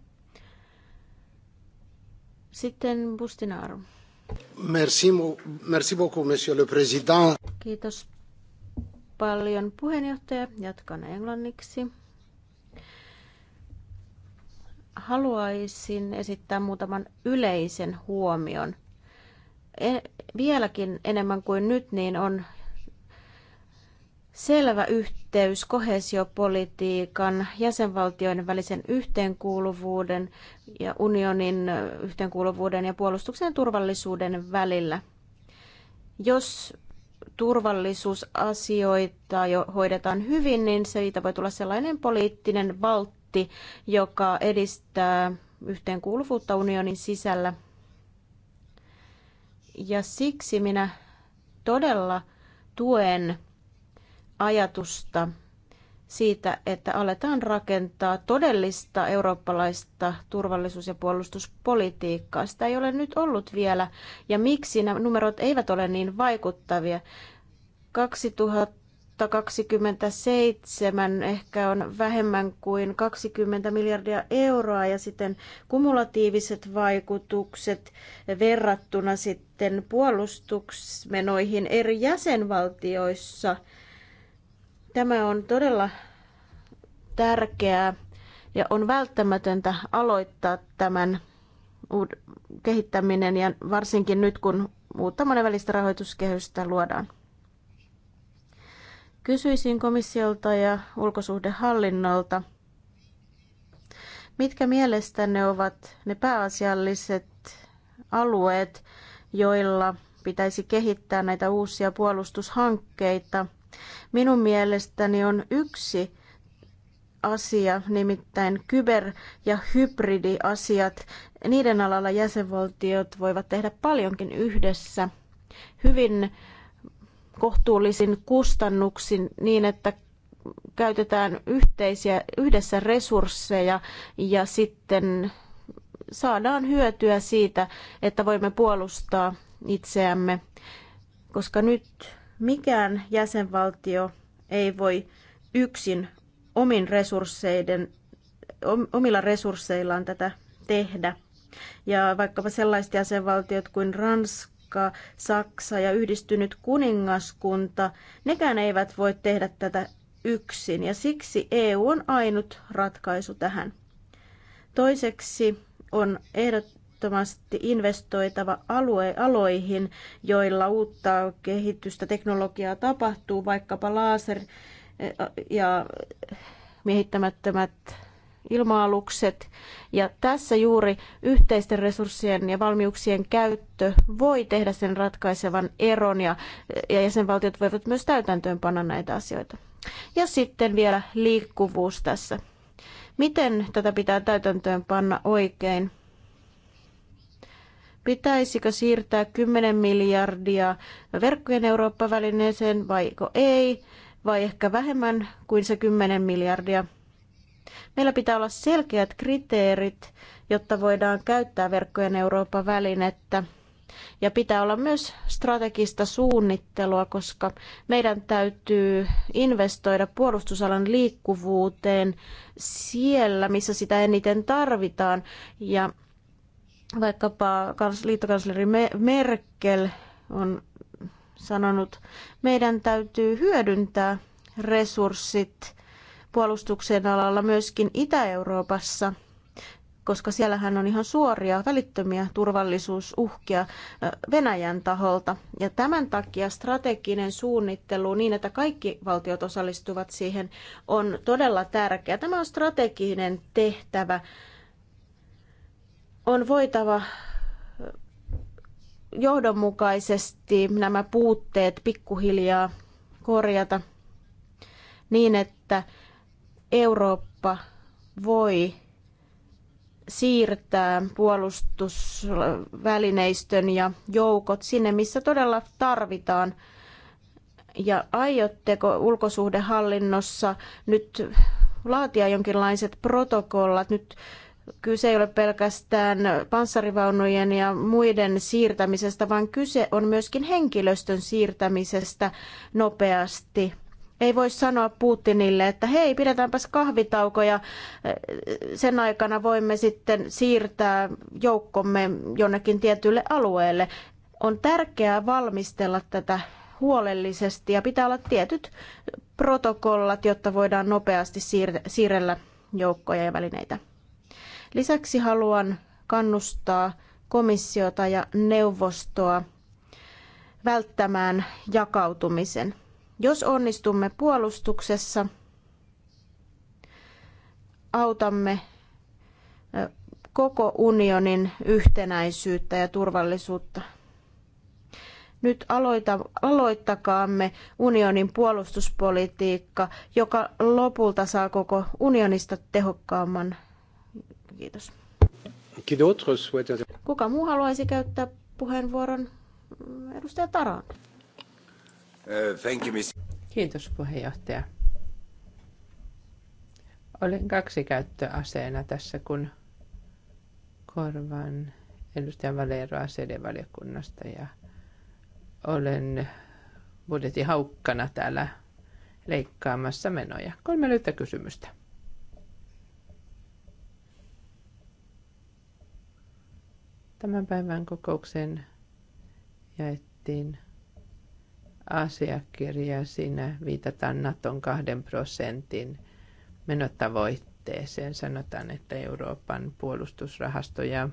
Speaker 1: Sitten Bustinaaru. Merci, merci beaucoup, monsieur le président. Kiitos paljon puheenjohtaja. Jatkan englanniksi. Haluaisin esittää muutaman yleisen huomion. E- vieläkin enemmän kuin nyt, niin on selvä yhteys kohesiopolitiikan, jäsenvaltioiden välisen yhteenkuuluvuuden ja unionin yhteenkuuluvuuden ja puolustuksen ja turvallisuuden välillä. Jos turvallisuusasioita jo hoidetaan hyvin, niin siitä voi tulla sellainen poliittinen valtti, joka edistää yhteenkuuluvuutta unionin sisällä. Ja siksi minä todella tuen ajatusta siitä, että aletaan rakentaa todellista eurooppalaista turvallisuus- ja puolustuspolitiikkaa. Sitä ei ole nyt ollut vielä. Ja miksi nämä numerot eivät ole niin vaikuttavia? 2027 ehkä on vähemmän kuin 20 miljardia euroa ja sitten kumulatiiviset vaikutukset verrattuna sitten puolustusmenoihin eri jäsenvaltioissa – Tämä on todella tärkeää ja on välttämätöntä aloittaa tämän kehittäminen ja varsinkin nyt kun uutta monenvälistä rahoituskehystä luodaan. Kysyisin komissiolta ja ulkosuhdehallinnolta, mitkä mielestänne ovat ne pääasialliset alueet, joilla pitäisi kehittää näitä uusia puolustushankkeita – Minun mielestäni on yksi asia, nimittäin kyber- ja hybridiasiat. Niiden alalla jäsenvaltiot voivat tehdä paljonkin yhdessä hyvin kohtuullisin kustannuksin niin, että käytetään yhteisiä, yhdessä resursseja ja sitten saadaan hyötyä siitä, että voimme puolustaa itseämme, koska nyt Mikään jäsenvaltio ei voi yksin omin resursseiden, omilla resursseillaan tätä tehdä. Ja vaikkapa sellaiset jäsenvaltiot kuin Ranska, Saksa ja yhdistynyt kuningaskunta, nekään eivät voi tehdä tätä yksin ja siksi EU on ainut ratkaisu tähän. Toiseksi on ehdot, ehdottomasti investoitava alue, aloihin, joilla uutta kehitystä, teknologiaa tapahtuu, vaikkapa laser ja miehittämättömät ilma-alukset. Ja tässä juuri yhteisten resurssien ja valmiuksien käyttö voi tehdä sen ratkaisevan eron ja, ja jäsenvaltiot voivat myös täytäntöönpanna näitä asioita. Ja sitten vielä liikkuvuus tässä. Miten tätä pitää panna oikein? Pitäisikö siirtää 10 miljardia verkkojen Eurooppa-välineeseen vai ei, vai ehkä vähemmän kuin se 10 miljardia? Meillä pitää olla selkeät kriteerit, jotta voidaan käyttää verkkojen Eurooppa-välinettä. Ja pitää olla myös strategista suunnittelua, koska meidän täytyy investoida puolustusalan liikkuvuuteen siellä, missä sitä eniten tarvitaan. Ja Vaikkapa liittokansleri Merkel on sanonut, meidän täytyy hyödyntää resurssit puolustuksen alalla myöskin Itä-Euroopassa, koska siellähän on ihan suoria välittömiä turvallisuusuhkia Venäjän taholta. Ja tämän takia strateginen suunnittelu niin, että kaikki valtiot osallistuvat siihen, on todella tärkeää. Tämä on strateginen tehtävä on voitava johdonmukaisesti nämä puutteet pikkuhiljaa korjata niin, että Eurooppa voi siirtää puolustusvälineistön ja joukot sinne, missä todella tarvitaan. Ja aiotteko ulkosuhdehallinnossa nyt laatia jonkinlaiset protokollat nyt Kyse ei ole pelkästään panssarivaunujen ja muiden siirtämisestä, vaan kyse on myöskin henkilöstön siirtämisestä nopeasti. Ei voi sanoa Putinille, että hei, pidetäänpäs kahvitauko ja eh, sen aikana voimme sitten siirtää joukkomme jonnekin tietylle alueelle. On tärkeää valmistella tätä huolellisesti ja pitää olla tietyt protokollat, jotta voidaan nopeasti siir- siirrellä joukkoja ja välineitä. Lisäksi haluan kannustaa komissiota ja neuvostoa välttämään jakautumisen. Jos onnistumme puolustuksessa, autamme koko unionin yhtenäisyyttä ja turvallisuutta. Nyt aloita, aloittakaamme unionin puolustuspolitiikka, joka lopulta saa koko unionista tehokkaamman Kiitos. Kuka muu haluaisi käyttää puheenvuoron? Edustaja Taran.
Speaker 2: Uh, thank you,
Speaker 1: Kiitos puheenjohtaja.
Speaker 2: Olen kaksi käyttöaseena tässä, kun korvan edustajan Valero ACD-valiokunnasta ja olen budjetin haukkana täällä leikkaamassa menoja. Kolme lyhyttä kysymystä. Tämän päivän kokoukseen jaettiin asiakirja. Siinä viitataan Naton kahden prosentin menotavoitteeseen. Sanotaan, että Euroopan puolustusrahasto ja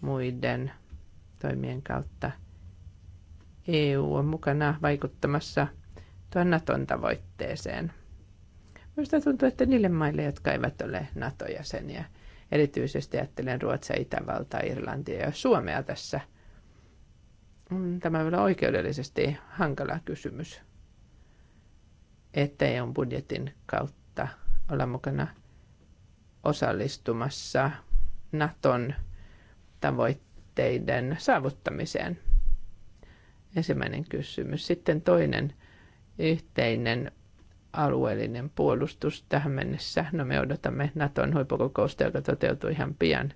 Speaker 2: muiden toimien kautta EU on mukana vaikuttamassa tuon Naton tavoitteeseen. Minusta tuntuu, että niille maille, jotka eivät ole NATO-jäseniä – Erityisesti ajattelen Ruotsia, Itävaltaa, Irlantia ja Suomea tässä. Mm, tämä on vielä oikeudellisesti hankala kysymys, että on budjetin kautta olla mukana osallistumassa Naton tavoitteiden saavuttamiseen. Ensimmäinen kysymys. Sitten toinen yhteinen alueellinen puolustus tähän mennessä. No me odotamme Naton huippukokousta, joka toteutuu ihan pian.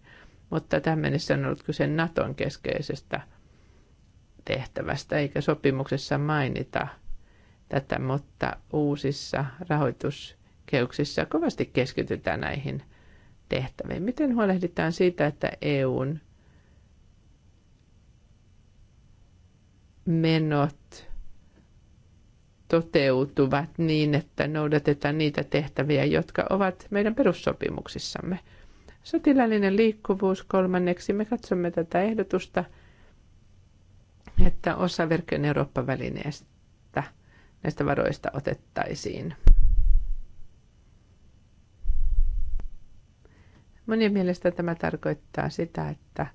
Speaker 2: Mutta tähän mennessä on ollut kyse Naton keskeisestä tehtävästä, eikä sopimuksessa mainita tätä, mutta uusissa rahoituskeuksissa kovasti keskitytään näihin tehtäviin. Miten huolehditaan siitä, että EUn menot toteutuvat niin, että noudatetaan niitä tehtäviä, jotka ovat meidän perussopimuksissamme. Sotilaallinen liikkuvuus kolmanneksi. Me katsomme tätä ehdotusta, että osa verkkojen Eurooppa-välineestä näistä varoista otettaisiin. Monien mielestä tämä tarkoittaa sitä, että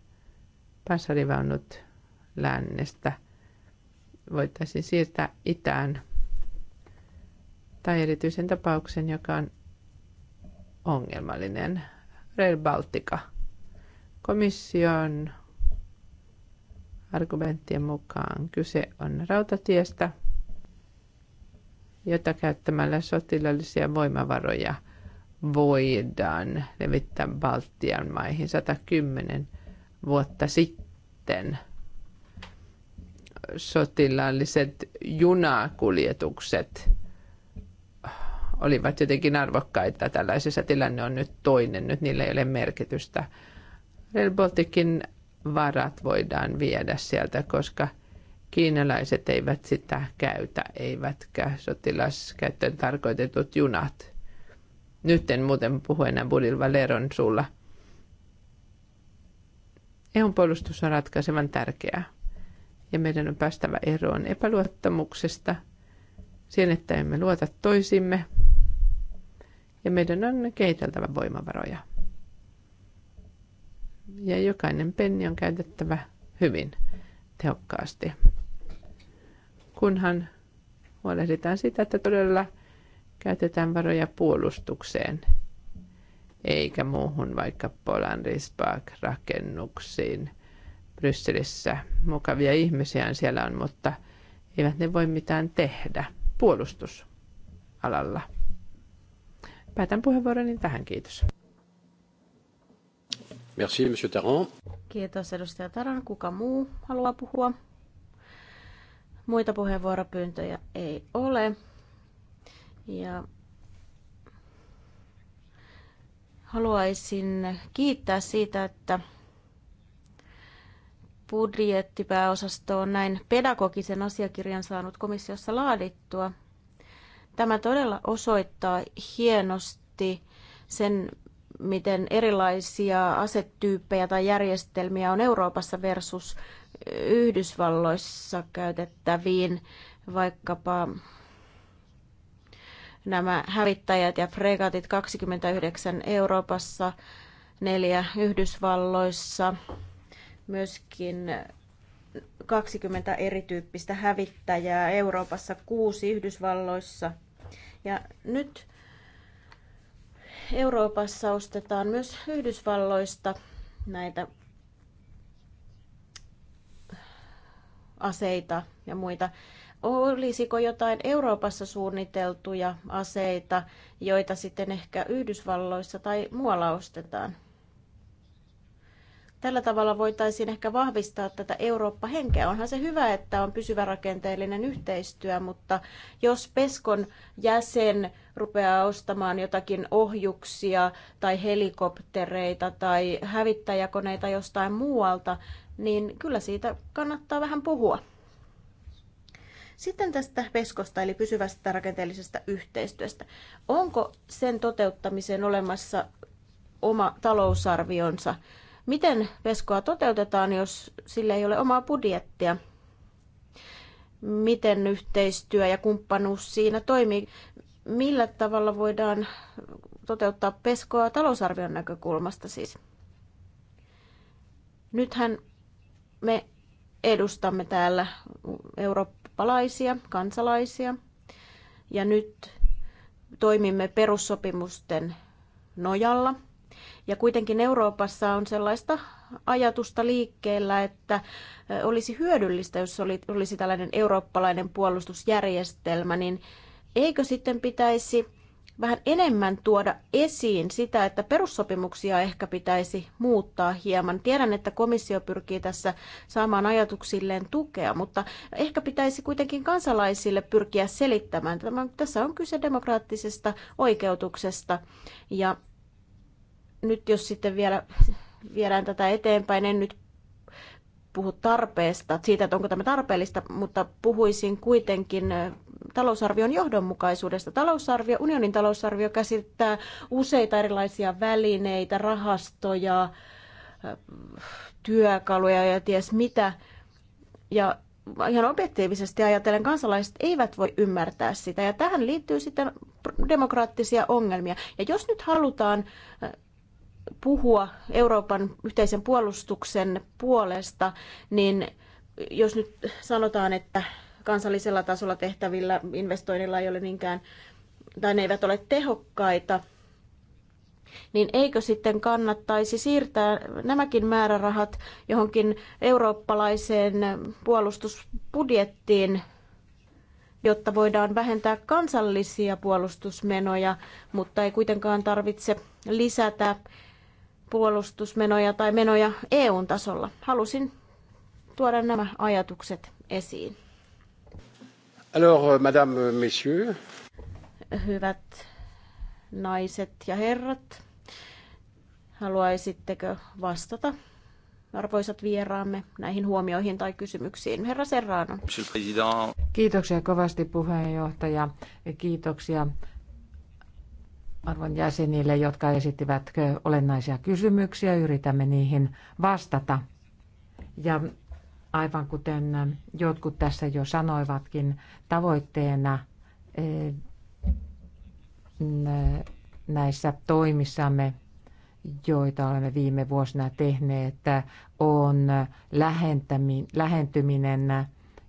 Speaker 2: panssarivaunut lännestä voitaisiin siirtää itään – tai erityisen tapauksen, joka on ongelmallinen. Rail Baltica. Komission argumenttien mukaan kyse on rautatiestä, jota käyttämällä sotilaallisia voimavaroja voidaan levittää Baltian maihin 110 vuotta sitten. Sotilaalliset junakuljetukset olivat jotenkin arvokkaita. Tällaisessa tilanne on nyt toinen, nyt niillä ei ole merkitystä. Rail Balticin varat voidaan viedä sieltä, koska kiinalaiset eivät sitä käytä, eivätkä sotilaskäyttöön tarkoitetut junat. Nyt en muuten puhu enää Budil Valeron suulla. EUn puolustus on ratkaisevan tärkeää, ja meidän on päästävä eroon epäluottamuksesta – siihen, että emme luota toisimme, ja meidän on kehiteltävä voimavaroja. Ja jokainen penni on käytettävä hyvin tehokkaasti, kunhan huolehditaan sitä, että todella käytetään varoja puolustukseen eikä muuhun vaikka Polan rakennuksiin. Brysselissä mukavia ihmisiä siellä on, mutta eivät ne voi mitään tehdä puolustusalalla.
Speaker 1: Päätän puheenvuoroni tähän, kiitos.
Speaker 2: Merci, Monsieur Taran.
Speaker 1: Kiitos, edustaja Taran. Kuka muu haluaa puhua? Muita puheenvuoropyyntöjä ei ole. Ja haluaisin kiittää siitä, että budjettipääosasto on näin pedagogisen asiakirjan saanut komissiossa laadittua – Tämä todella osoittaa hienosti sen, miten erilaisia asetyyppejä tai järjestelmiä on Euroopassa versus Yhdysvalloissa käytettäviin, vaikkapa nämä hävittäjät ja fregatit 29 Euroopassa, neljä Yhdysvalloissa, myöskin 20 erityyppistä hävittäjää Euroopassa, kuusi Yhdysvalloissa – ja nyt Euroopassa ostetaan myös Yhdysvalloista näitä aseita ja muita. Olisiko jotain Euroopassa suunniteltuja aseita, joita sitten ehkä Yhdysvalloissa tai muualla ostetaan? Tällä tavalla voitaisiin ehkä vahvistaa tätä Eurooppa-henkeä. Onhan se hyvä, että on pysyvä rakenteellinen yhteistyö, mutta jos Peskon jäsen rupeaa ostamaan jotakin ohjuksia tai helikoptereita tai hävittäjäkoneita jostain muualta, niin kyllä siitä kannattaa vähän puhua. Sitten tästä peskosta eli pysyvästä rakenteellisesta yhteistyöstä. Onko sen toteuttamiseen olemassa oma talousarvionsa? Miten veskoa toteutetaan, jos sillä ei ole omaa budjettia? Miten yhteistyö ja kumppanuus siinä toimii? Millä tavalla voidaan toteuttaa peskoa talousarvion näkökulmasta siis? Nythän me edustamme täällä eurooppalaisia, kansalaisia, ja nyt toimimme perussopimusten nojalla – ja kuitenkin Euroopassa on sellaista ajatusta liikkeellä, että olisi hyödyllistä, jos olisi tällainen eurooppalainen puolustusjärjestelmä, niin eikö sitten pitäisi vähän enemmän tuoda esiin sitä, että perussopimuksia ehkä pitäisi muuttaa hieman. Tiedän, että komissio pyrkii tässä saamaan ajatuksilleen tukea, mutta ehkä pitäisi kuitenkin kansalaisille pyrkiä selittämään. Tämä, tässä on kyse demokraattisesta oikeutuksesta ja nyt jos sitten vielä viedään tätä eteenpäin, en nyt puhu tarpeesta, siitä, että onko tämä tarpeellista, mutta puhuisin kuitenkin talousarvion johdonmukaisuudesta. Talousarvio, unionin talousarvio käsittää useita erilaisia välineitä, rahastoja, työkaluja ja ties mitä. Ja ihan objektiivisesti ajatellen kansalaiset eivät voi ymmärtää sitä. Ja tähän liittyy sitten demokraattisia ongelmia. Ja jos nyt halutaan puhua Euroopan yhteisen puolustuksen puolesta, niin jos nyt sanotaan, että kansallisella tasolla tehtävillä investoinnilla ei ole niinkään, tai ne eivät ole tehokkaita, niin eikö sitten kannattaisi siirtää nämäkin määrärahat johonkin eurooppalaiseen puolustusbudjettiin, jotta voidaan vähentää kansallisia puolustusmenoja, mutta ei kuitenkaan tarvitse lisätä puolustusmenoja tai menoja EUn tasolla. Halusin tuoda nämä ajatukset esiin. Alors, euh, madame, euh, messieurs. Hyvät naiset ja herrat, haluaisitteko vastata arvoisat vieraamme näihin huomioihin tai kysymyksiin. Herra Serrano. Kiitoksia kovasti puheenjohtaja. Kiitoksia arvon
Speaker 3: jäsenille, jotka esittivät olennaisia kysymyksiä. Yritämme niihin vastata. Ja aivan kuten jotkut tässä jo sanoivatkin, tavoitteena eh, näissä toimissamme, joita olemme viime vuosina tehneet, on lähentyminen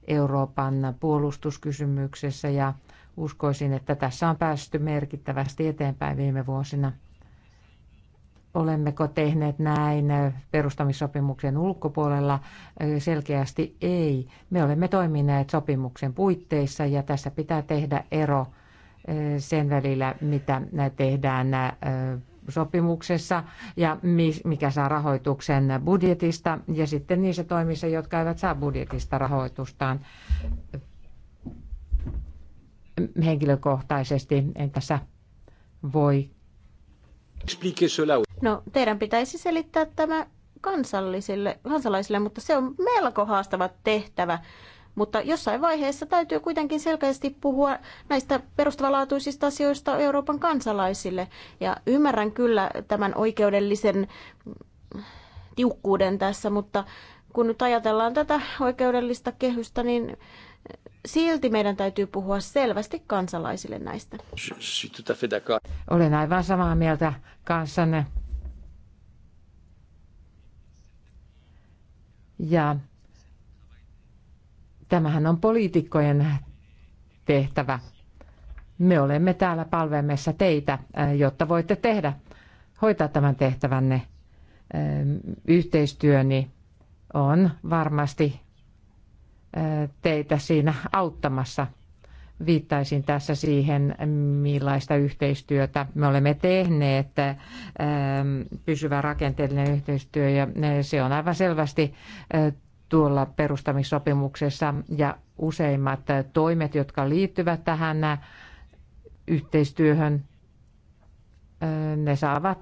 Speaker 3: Euroopan puolustuskysymyksessä ja Uskoisin, että tässä on päästy merkittävästi eteenpäin viime vuosina. Olemmeko tehneet näin perustamissopimuksen ulkopuolella? Selkeästi ei. Me olemme toimineet sopimuksen puitteissa ja tässä pitää tehdä ero eh, sen välillä, mitä tehdään eh, sopimuksessa ja mikä saa rahoituksen budjetista ja sitten niissä toimissa, jotka eivät saa budjetista rahoitustaan
Speaker 1: henkilökohtaisesti. En tässä voi. No, teidän pitäisi selittää tämä kansallisille, kansalaisille, mutta se on melko haastava tehtävä. Mutta jossain vaiheessa täytyy kuitenkin selkeästi puhua näistä perustavanlaatuisista asioista Euroopan kansalaisille. Ja ymmärrän kyllä tämän oikeudellisen tiukkuuden tässä, mutta kun nyt ajatellaan tätä oikeudellista kehystä, niin Silti meidän täytyy puhua selvästi kansalaisille näistä. Olen aivan samaa mieltä kanssanne.
Speaker 3: Ja tämähän on poliitikkojen tehtävä. Me olemme täällä palvelemassa teitä, jotta voitte tehdä, hoitaa tämän tehtävänne. Yhteistyöni on varmasti teitä siinä auttamassa. Viittaisin tässä siihen, millaista yhteistyötä me olemme tehneet. Pysyvä rakenteellinen yhteistyö ja se on aivan selvästi tuolla perustamissopimuksessa ja useimmat toimet, jotka liittyvät tähän yhteistyöhön, ne saavat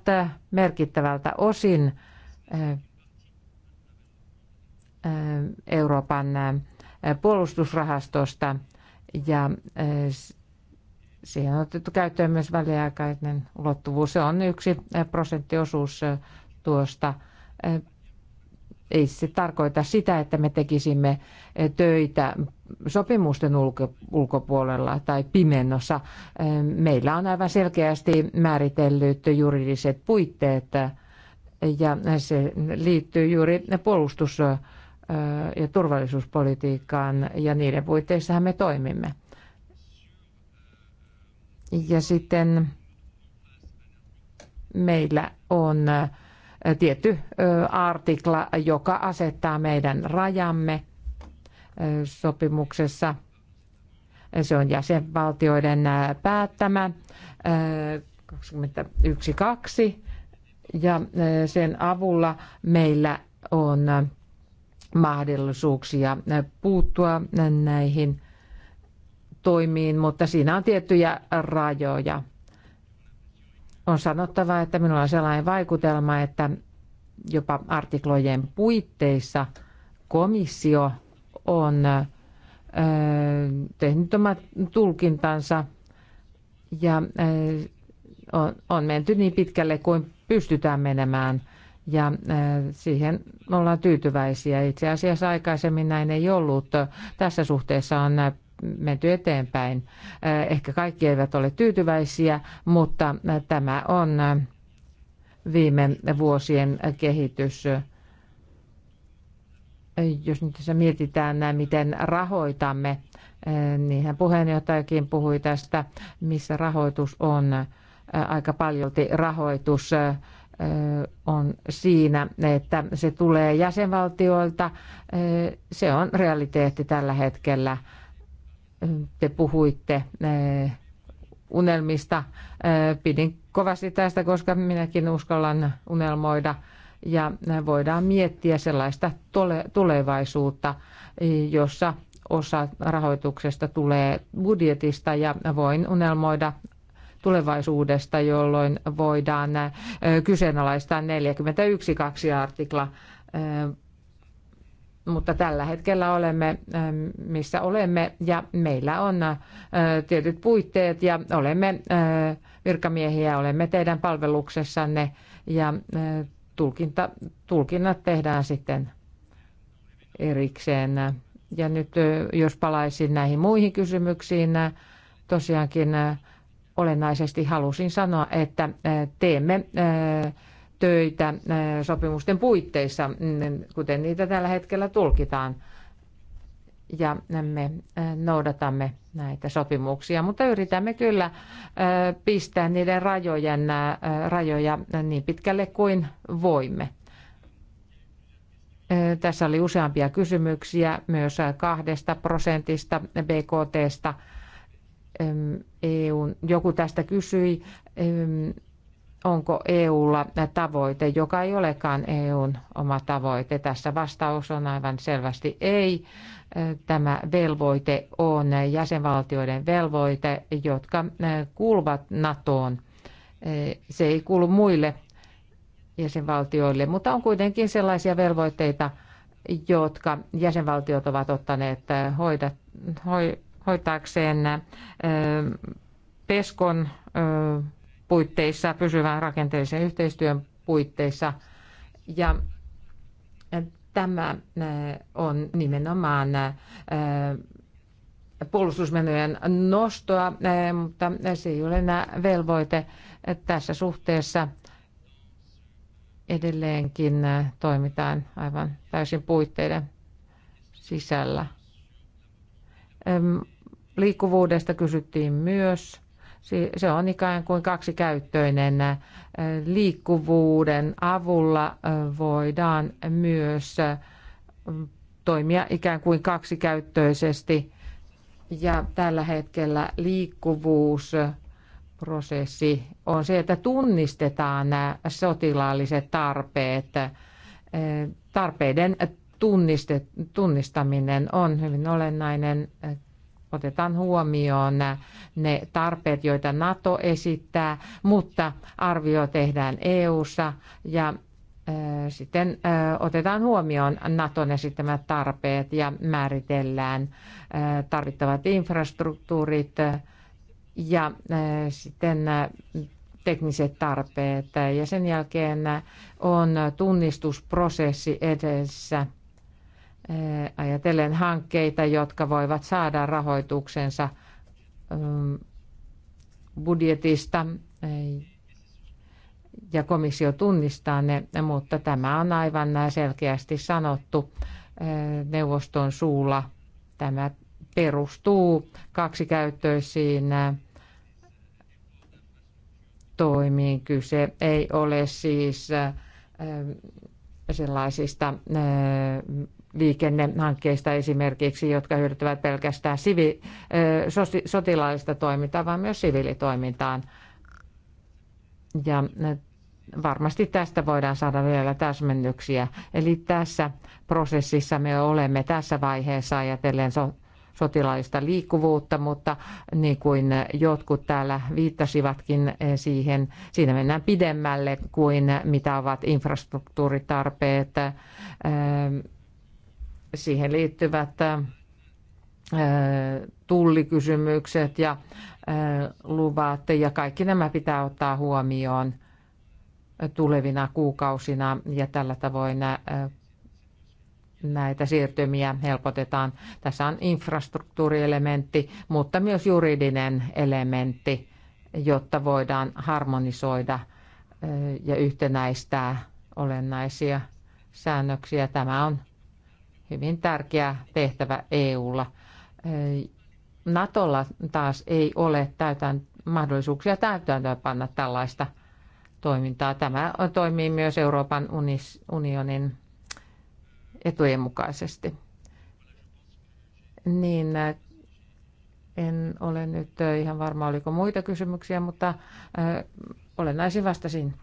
Speaker 3: merkittävältä osin Euroopan puolustusrahastosta ja siihen on otettu käyttöön myös väliaikainen ulottuvuus. Se on yksi prosenttiosuus tuosta. Ei se tarkoita sitä, että me tekisimme töitä sopimusten ulkopuolella tai pimennossa. Meillä on aivan selkeästi määritellyt juridiset puitteet ja se liittyy juuri puolustusrahastoon ja turvallisuuspolitiikkaan ja niiden puitteissahan me toimimme. Ja sitten meillä on tietty artikla, joka asettaa meidän rajamme sopimuksessa. Se on jäsenvaltioiden päättämä 21.2 ja sen avulla meillä on mahdollisuuksia puuttua näihin toimiin, mutta siinä on tiettyjä rajoja. On sanottava, että minulla on sellainen vaikutelma, että jopa artiklojen puitteissa komissio on tehnyt omat tulkintansa ja on menty niin pitkälle kuin pystytään menemään – ja äh, siihen ollaan tyytyväisiä. Itse asiassa aikaisemmin näin ei ollut. Tässä suhteessa on äh, menty eteenpäin. Äh, ehkä kaikki eivät ole tyytyväisiä, mutta tämä on viime vuosien kehitys. Jos nyt tässä mietitään, miten rahoitamme, niinhän puheenjohtajakin puhui tästä, missä rahoitus on aika paljolti rahoitus on siinä, että se tulee jäsenvaltioilta. Se on realiteetti tällä hetkellä. Te puhuitte unelmista. Pidin kovasti tästä, koska minäkin uskallan unelmoida. Ja voidaan miettiä sellaista tulevaisuutta, jossa osa rahoituksesta tulee budjetista ja voin unelmoida tulevaisuudesta, jolloin voidaan kyseenalaistaa 41.2 artikla. Mutta tällä hetkellä olemme, missä olemme, ja meillä on tietyt puitteet, ja olemme virkamiehiä, olemme teidän palveluksessanne, ja tulkinta, tulkinnat tehdään sitten erikseen. Ja nyt jos palaisin näihin muihin kysymyksiin, tosiaankin olennaisesti halusin sanoa, että äh, teemme äh, töitä äh, sopimusten puitteissa, mm, kuten niitä tällä hetkellä tulkitaan. Ja me noudatamme näitä sopimuksia, mutta yritämme kyllä pistää niiden rajojen, rajoja niin pitkälle kuin voimme. Tässä oli useampia kysymyksiä myös kahdesta prosentista BKTstä EUn, joku tästä kysyi, onko EUlla tavoite, joka ei olekaan EUn oma tavoite. Tässä vastaus on aivan selvästi ei. Tämä velvoite on jäsenvaltioiden velvoite, jotka kuuluvat NATOon. Se ei kuulu muille jäsenvaltioille, mutta on kuitenkin sellaisia velvoitteita, jotka jäsenvaltiot ovat ottaneet eh, hoida, hoi, hoitaakseen PESKON puitteissa, pysyvän rakenteellisen yhteistyön puitteissa. Ja tämä on nimenomaan puolustusmenojen nostoa, mutta se ei ole enää velvoite tässä suhteessa. Edelleenkin toimitaan aivan täysin puitteiden sisällä. Liikkuvuudesta kysyttiin myös. Se on ikään kuin kaksikäyttöinen. Liikkuvuuden avulla voidaan myös toimia ikään kuin kaksikäyttöisesti. Ja tällä hetkellä liikkuvuus prosessi on se, että tunnistetaan nämä sotilaalliset tarpeet. Tarpeiden tunniste, tunnistaminen on hyvin olennainen otetaan huomioon ne tarpeet, joita NATO esittää, mutta arvio tehdään EU:ssa ja sitten otetaan huomioon Naton esittämät tarpeet ja määritellään tarvittavat infrastruktuurit ja sitten tekniset tarpeet. Ja sen jälkeen on tunnistusprosessi edessä Eh, ajatellen hankkeita, jotka voivat saada rahoituksensa mm, budjetista eh, ja komissio tunnistaa ne, mutta tämä on aivan selkeästi sanottu eh, neuvoston suulla. Tämä perustuu kaksikäyttöisiin toimiin. Kyse ei ole siis sellaisista liikennehankkeista esimerkiksi, jotka hyödyttävät pelkästään sivi, sotilaallista toimintaa, vaan myös siviilitoimintaan. Ja varmasti tästä voidaan saada vielä täsmennyksiä. Eli tässä prosessissa me olemme tässä vaiheessa ajatellen so- sotilaallista liikkuvuutta, mutta niin kuin jotkut täällä viittasivatkin e, siihen, siinä mennään pidemmälle kuin mitä ovat infrastruktuuritarpeet, siihen liittyvät äh, tullikysymykset ja äh, luvat ja kaikki nämä pitää ottaa huomioon tulevina kuukausina ja tällä tavoin äh, näitä siirtymiä helpotetaan. Tässä on infrastruktuurielementti, mutta myös juridinen elementti, jotta voidaan harmonisoida ja yhtenäistää olennaisia säännöksiä. Tämä on hyvin tärkeä tehtävä EUlla. Natolla taas ei ole täytän, mahdollisuuksia täytäntöä panna tällaista toimintaa. Tämä toimii myös Euroopan unionin etujen mukaisesti. Niin en ole nyt ihan varma, oliko muita kysymyksiä, mutta äh, olennaisin vastasin.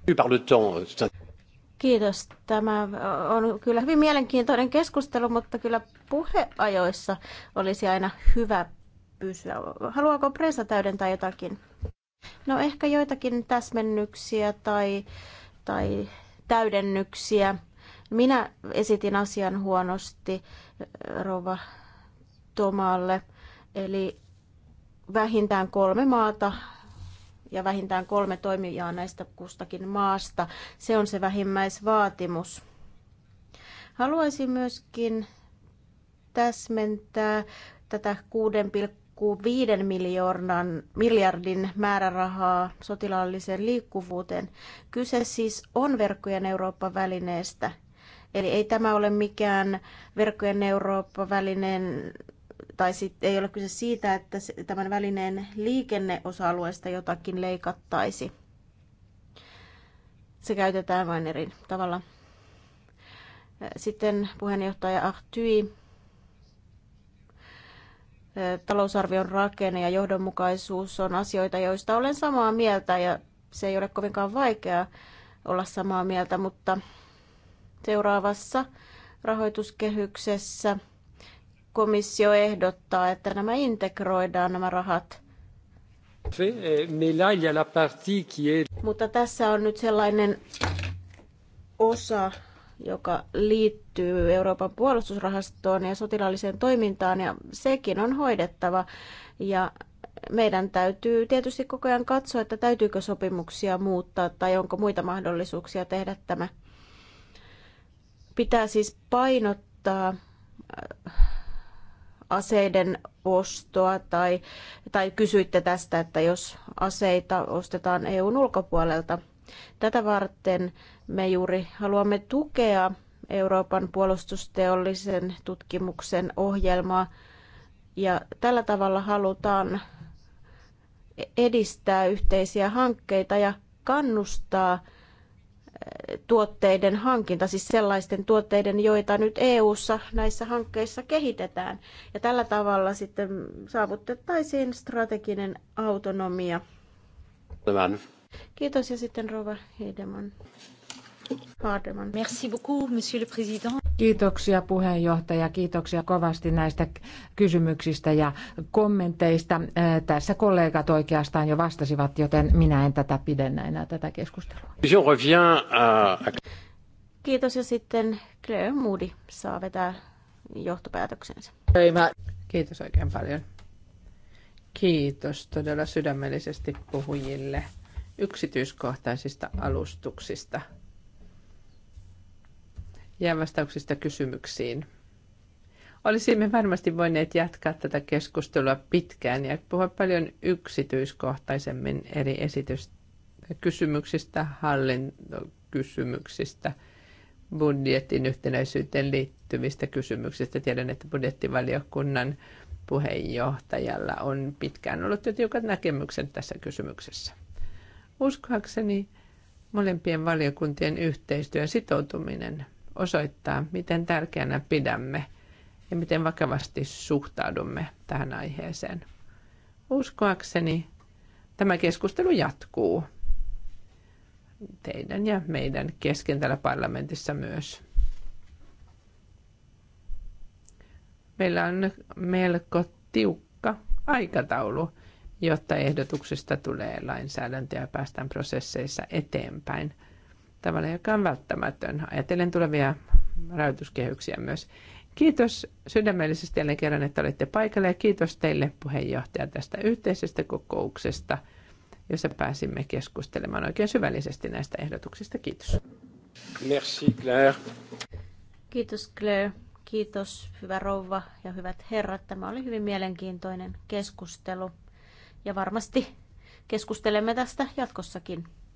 Speaker 1: Kiitos. Tämä on kyllä hyvin mielenkiintoinen keskustelu, mutta kyllä puheajoissa olisi aina hyvä pysyä. Haluaako Presa täydentää jotakin? No ehkä joitakin täsmennyksiä tai, tai täydennyksiä. Minä esitin asian huonosti Rova Tomalle, eli vähintään kolme maata ja vähintään kolme toimijaa näistä kustakin maasta. Se on se vähimmäisvaatimus. Haluaisin myöskin täsmentää tätä 6,5 miljoonan, miljardin määrärahaa sotilaalliseen liikkuvuuteen. Kyse siis on verkkojen Euroopan välineestä Eli ei tämä ole mikään verkkojen Eurooppa-välineen tai sitten ei ole kyse siitä, että tämän välineen liikenneosa-alueesta jotakin leikattaisi. Se käytetään vain eri tavalla. Sitten puheenjohtaja Ahtyi. Talousarvion rakenne ja johdonmukaisuus on asioita, joista olen samaa mieltä ja se ei ole kovinkaan vaikeaa olla samaa mieltä, mutta seuraavassa rahoituskehyksessä – komissio ehdottaa, että nämä integroidaan nämä rahat. Eh, Mutta tässä on nyt sellainen osa, joka liittyy Euroopan puolustusrahastoon ja sotilaalliseen toimintaan, ja sekin on hoidettava. Ja meidän täytyy tietysti koko ajan katsoa, että täytyykö sopimuksia muuttaa tai onko muita mahdollisuuksia tehdä tämä. Pitää siis painottaa aseiden ostoa tai, tai kysyitte tästä, että jos aseita ostetaan EUn ulkopuolelta. Tätä varten me juuri haluamme tukea Euroopan puolustusteollisen tutkimuksen ohjelmaa ja tällä tavalla halutaan edistää yhteisiä hankkeita ja kannustaa tuotteiden hankinta, siis sellaisten tuotteiden, joita nyt EU-ssa näissä hankkeissa kehitetään. Ja tällä tavalla sitten saavutettaisiin strateginen autonomia. Tämän. Kiitos ja sitten Rova
Speaker 3: Kiitoksia puheenjohtaja, kiitoksia kovasti näistä kysymyksistä ja kommenteista. Äh, tässä kollegat oikeastaan jo vastasivat, joten minä en tätä pidennä enää tätä keskustelua.
Speaker 2: Äh,
Speaker 1: Kiitos ja sitten Claire Moody saa vetää johtopäätöksensä. Kiitos oikein paljon.
Speaker 2: Kiitos todella sydämellisesti puhujille yksityiskohtaisista alustuksista – ja vastauksista kysymyksiin. Olisimme varmasti voineet jatkaa tätä keskustelua pitkään ja puhua paljon yksityiskohtaisemmin eri esityskysymyksistä, hallintokysymyksistä, budjetin yhtenäisyyteen liittyvistä kysymyksistä. Tiedän, että budjettivaliokunnan puheenjohtajalla on pitkään ollut jo tiukat näkemykset tässä kysymyksessä. Uskoakseni molempien valiokuntien yhteistyön sitoutuminen osoittaa, miten tärkeänä pidämme ja miten vakavasti suhtaudumme tähän aiheeseen. Uskoakseni tämä keskustelu jatkuu teidän ja meidän kesken täällä parlamentissa myös. Meillä on melko tiukka aikataulu, jotta ehdotuksesta tulee lainsäädäntöä ja päästään prosesseissa eteenpäin tavalla, joka on välttämätön. Ajatellen tulevia rajoituskehyksiä myös. Kiitos sydämellisesti jälleen kerran, että olitte paikalla ja kiitos teille puheenjohtaja tästä yhteisestä kokouksesta, jossa pääsimme keskustelemaan oikein syvällisesti näistä ehdotuksista. Kiitos. Merci Claire.
Speaker 1: Kiitos Claire. Kiitos hyvä rouva ja hyvät herrat. Tämä oli hyvin mielenkiintoinen keskustelu ja varmasti keskustelemme tästä jatkossakin.